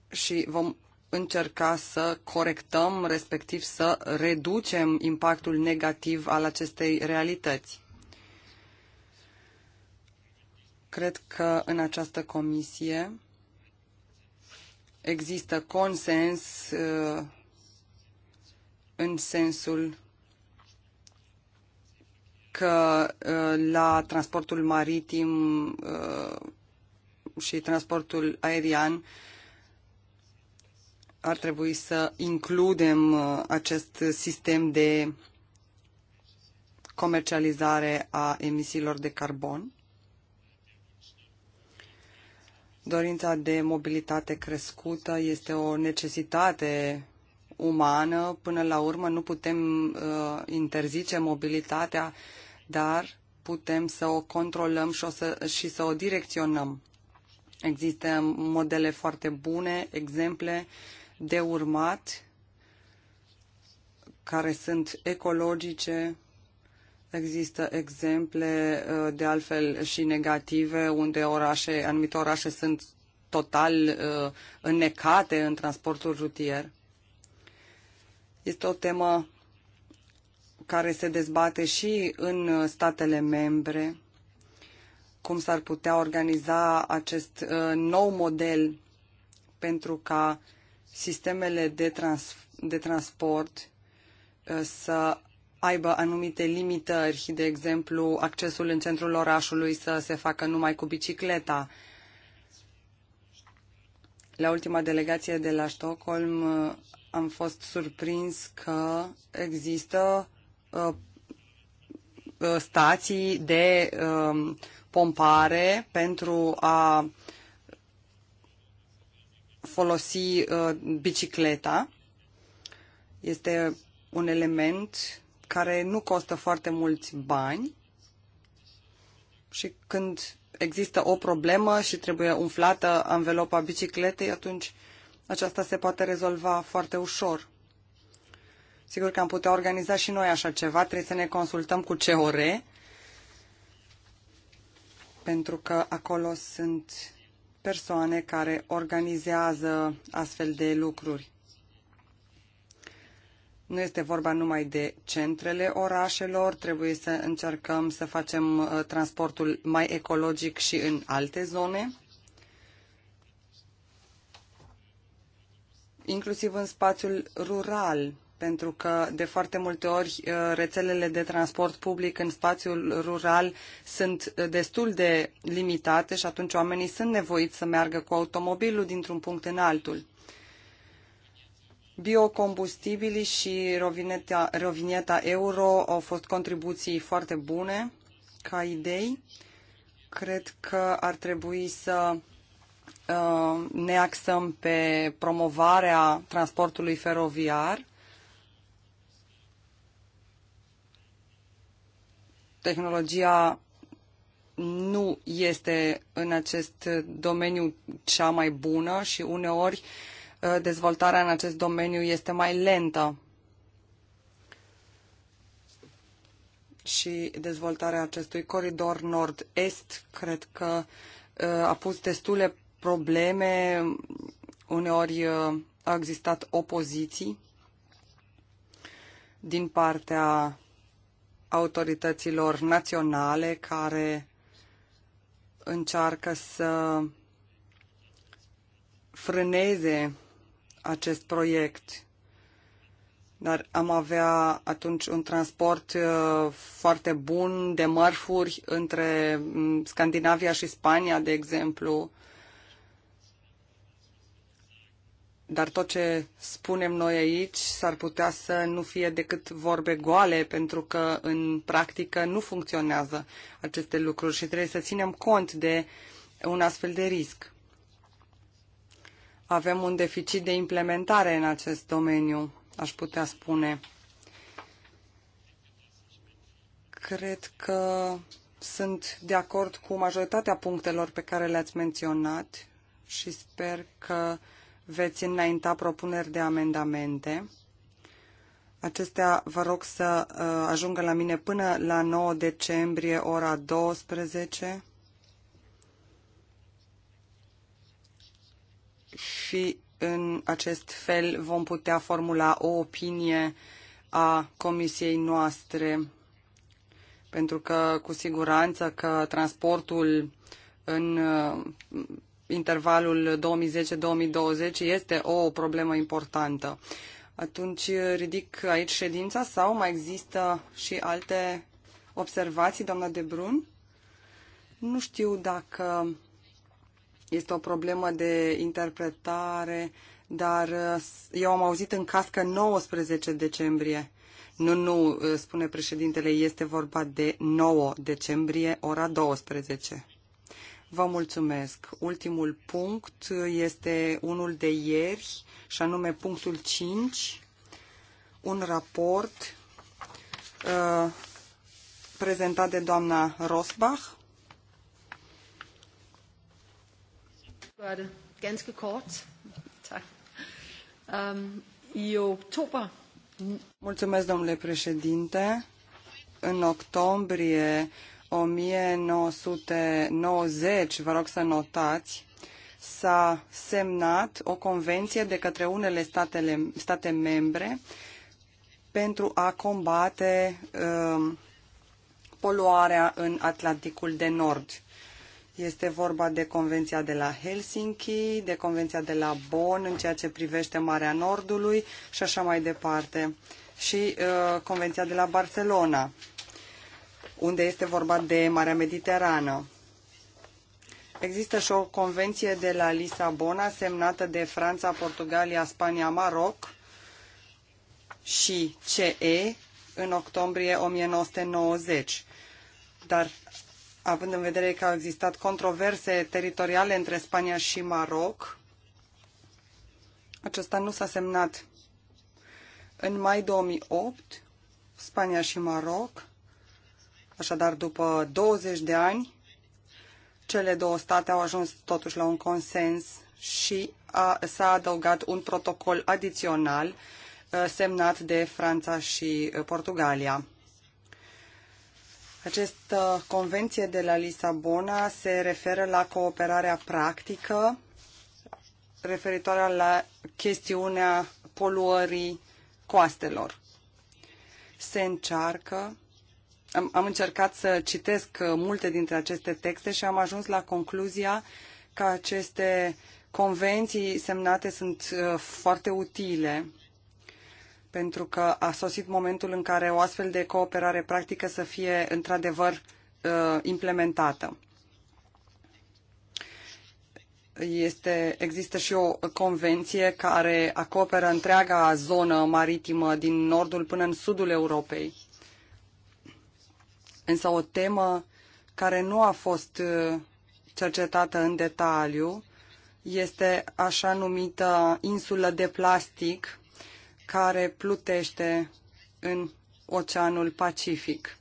și vom încerca să corectăm, respectiv să reducem impactul negativ al acestei realități. Cred că în această comisie există consens uh, în sensul că uh, la transportul maritim uh, și transportul aerian ar trebui să includem acest sistem de comercializare a emisiilor de carbon. Dorința de mobilitate crescută este o necesitate umană. Până la urmă nu putem uh, interzice mobilitatea, dar putem să o controlăm și, o să, și să o direcționăm. Există modele foarte bune, exemple de urmat, care sunt ecologice, Există exemple uh, de altfel și negative unde orașe, anumite orașe sunt total uh, înnecate în transportul rutier. Este o temă care se dezbate și în statele membre, cum s-ar putea organiza acest uh, nou model pentru ca sistemele de, trans- de transport să aibă anumite limitări, de exemplu, accesul în centrul orașului să se facă numai cu bicicleta. La ultima delegație de la Stockholm am fost surprins că există uh, uh stații de uh, pompare pentru a folosi uh, bicicleta. Este un element care nu costă foarte mulți bani și când există o problemă și trebuie umflată anvelopa bicicletei, atunci aceasta se poate rezolva foarte ușor. Sigur că am putea organiza și noi așa ceva, trebuie să ne consultăm cu COR, pentru că acolo sunt persoane care organizează astfel de lucruri. Nu este vorba numai de centrele orașelor, trebuie să încercăm să facem uh, transportul mai ecologic și în alte zone, inclusiv în spațiul rural, pentru că de foarte multe ori uh, rețelele de transport public în spațiul rural sunt uh, destul de limitate și atunci oamenii sunt nevoiți să meargă cu automobilul dintr-un punct în altul. Biocombustibilii și rovineta, rovineta euro au fost contribuții foarte bune ca idei. Cred că ar trebui să uh, ne axăm pe promovarea transportului feroviar, tehnologia nu este în acest domeniu cea mai bună și uneori uh, Uh, dezvoltarea în acest domeniu este mai lentă și dezvoltarea acestui coridor nord-est cred că uh, a pus destule probleme, uneori uh, a existat opoziții din partea autorităților naționale care încearcă să frâneze acest proiect. Dar am avea atunci un transport uh, foarte bun de mărfuri între mm, Scandinavia și Spania, de exemplu. Dar tot ce spunem noi aici s-ar putea să nu fie decât vorbe goale, pentru că în practică nu funcționează aceste lucruri și trebuie să ținem cont de un astfel de risc. Avem un deficit de implementare în acest domeniu, aș putea spune. Cred că sunt de acord cu majoritatea punctelor pe care le-ați menționat și sper că veți înainta propuneri de amendamente. Acestea vă rog să uh, ajungă la mine până la 9 decembrie, ora 12. și în acest fel vom putea formula o opinie a comisiei noastre, pentru că cu siguranță că transportul în uh, intervalul 2010-2020 este o problemă importantă. Atunci ridic aici ședința sau mai există și alte observații, doamna De Brun? Nu știu dacă este o problemă de interpretare, dar uh, eu am auzit în cască 19 decembrie. Nu, nu, uh, spune președintele, este vorba de 9 decembrie, ora 12. Vă mulțumesc. Ultimul punct uh, este unul de ieri, și anume punctul 5, un raport uh, prezentat de doamna Rosbach gøre det ganske kort. Tak. Um, I oktober... Mulțumesc, domnule președinte. În octombrie 1990, vă rog să notați, s-a semnat o convenție de către unele statele, state membre pentru a combate uh, poluarea în Atlanticul de Nord. Este vorba de Convenția de la Helsinki, de Convenția de la Bonn în ceea ce privește Marea Nordului și așa mai departe, și uh, Convenția de la Barcelona, unde este vorba de Marea Mediterană. Există și o convenție de la Lisabona semnată de Franța, Portugalia, Spania, Maroc și CE în octombrie 1990. Dar având în vedere că au existat controverse teritoriale între Spania și Maroc. Acesta nu s-a semnat. În mai 2008, Spania și Maroc, așadar după 20 de ani, cele două state au ajuns totuși la un consens și s-a adăugat un protocol adițional uh, semnat de Franța și uh, Portugalia. Această convenție de la Lisabona se referă la cooperarea practică referitoare la chestiunea poluării coastelor. Se încearcă am, am încercat să citesc multe dintre aceste texte și am ajuns la concluzia că aceste convenții semnate sunt uh, foarte utile pentru că a sosit momentul în care o astfel de cooperare practică să fie într-adevăr uh, implementată. Este, există și o convenție care acoperă întreaga zonă maritimă din nordul până în sudul Europei. Însă o temă care nu a fost uh, cercetată în detaliu este așa numită insulă de plastic, care plutește în Oceanul Pacific.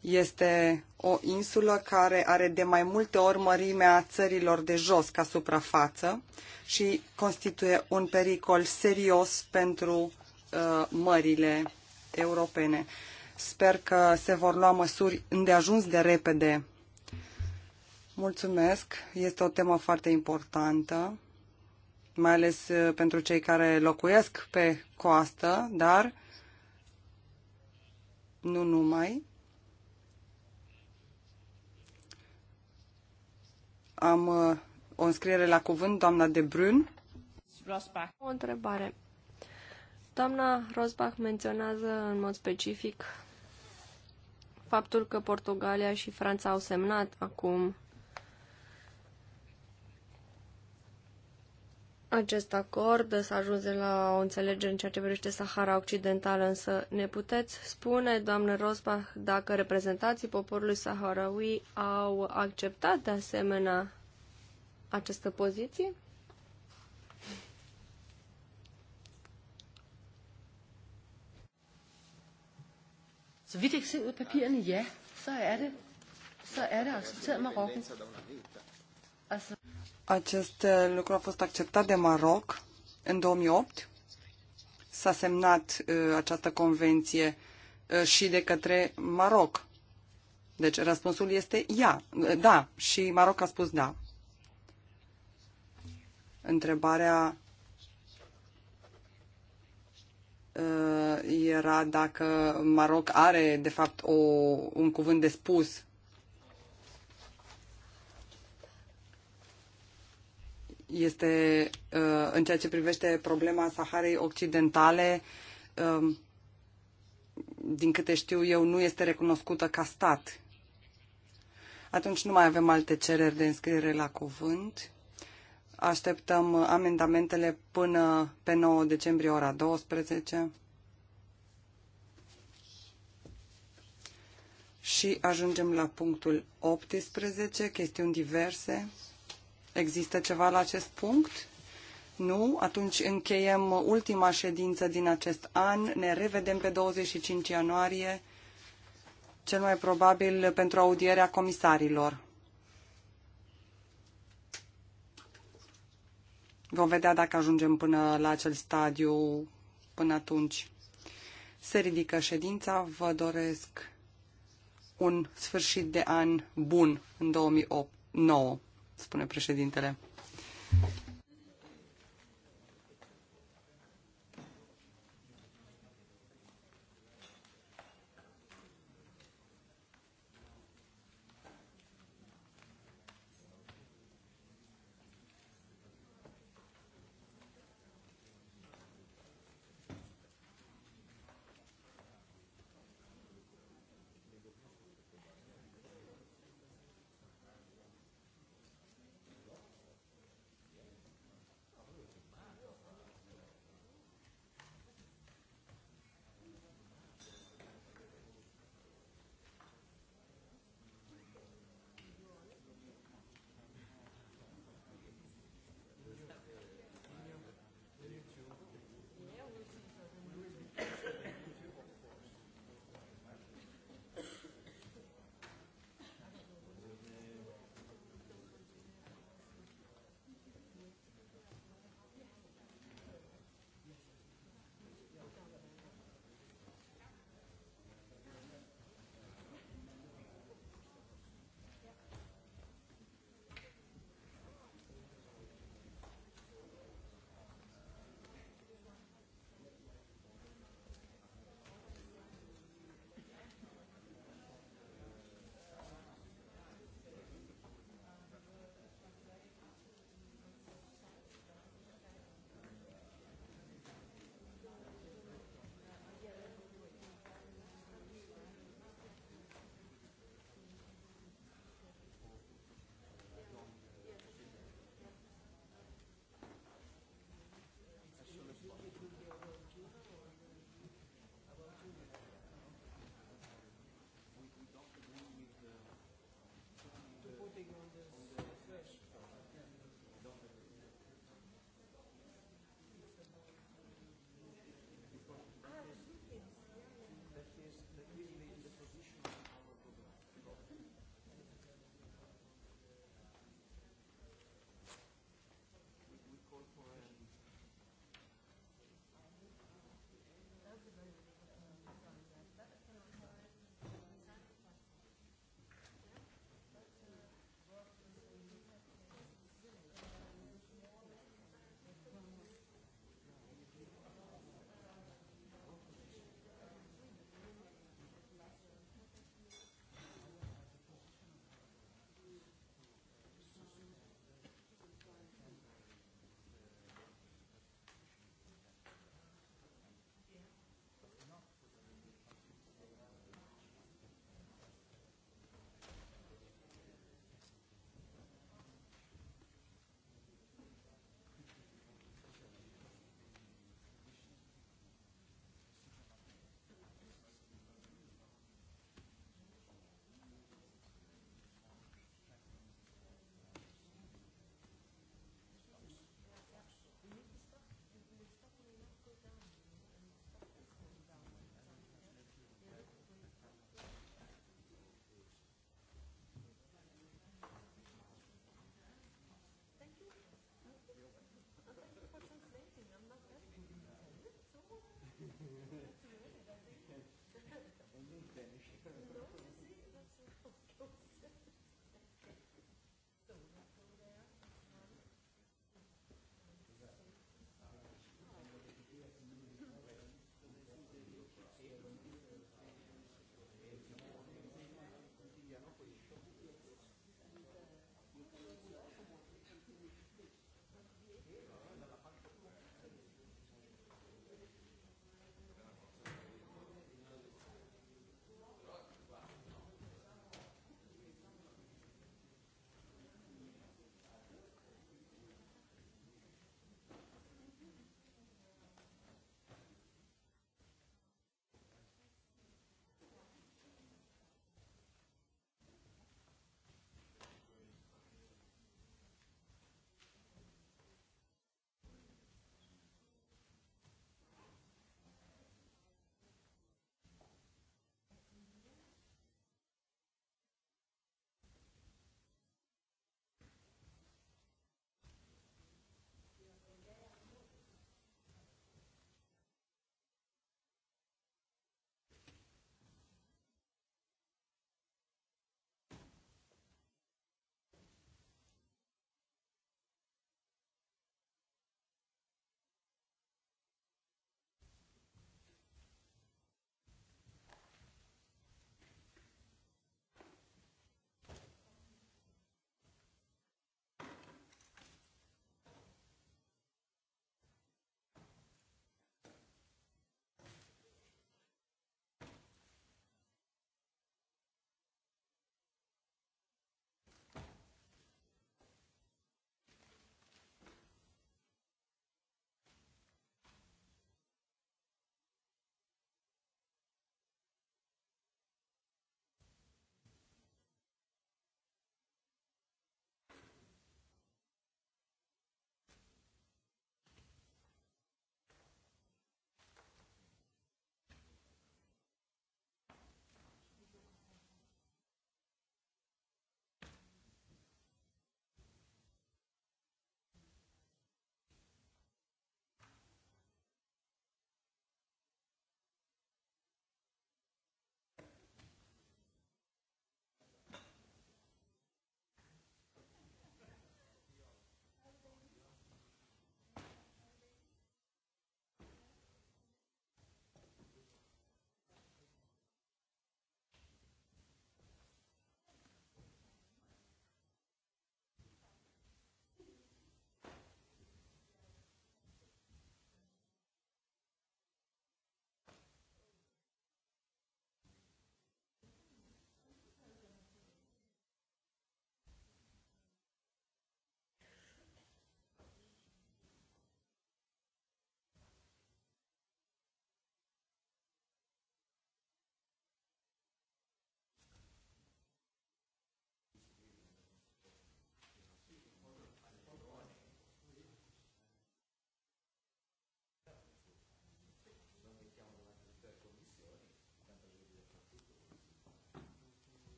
Este o insulă care are de mai multe ori mărimea țărilor de jos ca suprafață și constituie un pericol serios pentru uh, mările europene. Sper că se vor lua măsuri îndeajuns de repede. Mulțumesc, este o temă foarte importantă mai ales uh, pentru cei care locuiesc pe coastă, dar nu numai. Am uh, o înscriere la cuvânt, doamna de Brun. Rosbach. O întrebare. Doamna Rosbach menționează în mod specific faptul că Portugalia și Franța au semnat acum acest acord, să ajunge la o înțelegere în ceea ce privește Sahara Occidentală, însă ne puteți spune, doamnă Rosbach, dacă reprezentanții poporului saharaui au acceptat de asemenea această poziție? Să vidt jeg kan se ud af papirerne, ja, så er det, să er det accepteret Marokko. Altså. Acest uh, lucru a fost acceptat de Maroc în 2008. S-a semnat uh, această convenție uh, și de către Maroc. Deci răspunsul este ia, uh, da, și Maroc a spus da. Întrebarea uh, era dacă Maroc are, de fapt, o, un cuvânt de spus este uh, în ceea ce privește problema Saharei Occidentale, um, din câte știu eu, nu este recunoscută ca stat. Atunci nu mai avem alte cereri de înscriere la cuvânt. Așteptăm amendamentele până pe 9 decembrie ora 12. Și ajungem la punctul 18, chestiuni diverse. Există ceva la acest punct? Nu? Atunci încheiem ultima ședință din acest an. Ne revedem pe 25 ianuarie, cel mai probabil pentru audierea comisarilor. Vom vedea dacă ajungem până la acel stadiu, până atunci. Se ridică ședința, vă doresc un sfârșit de an bun în 2009 spune președintele.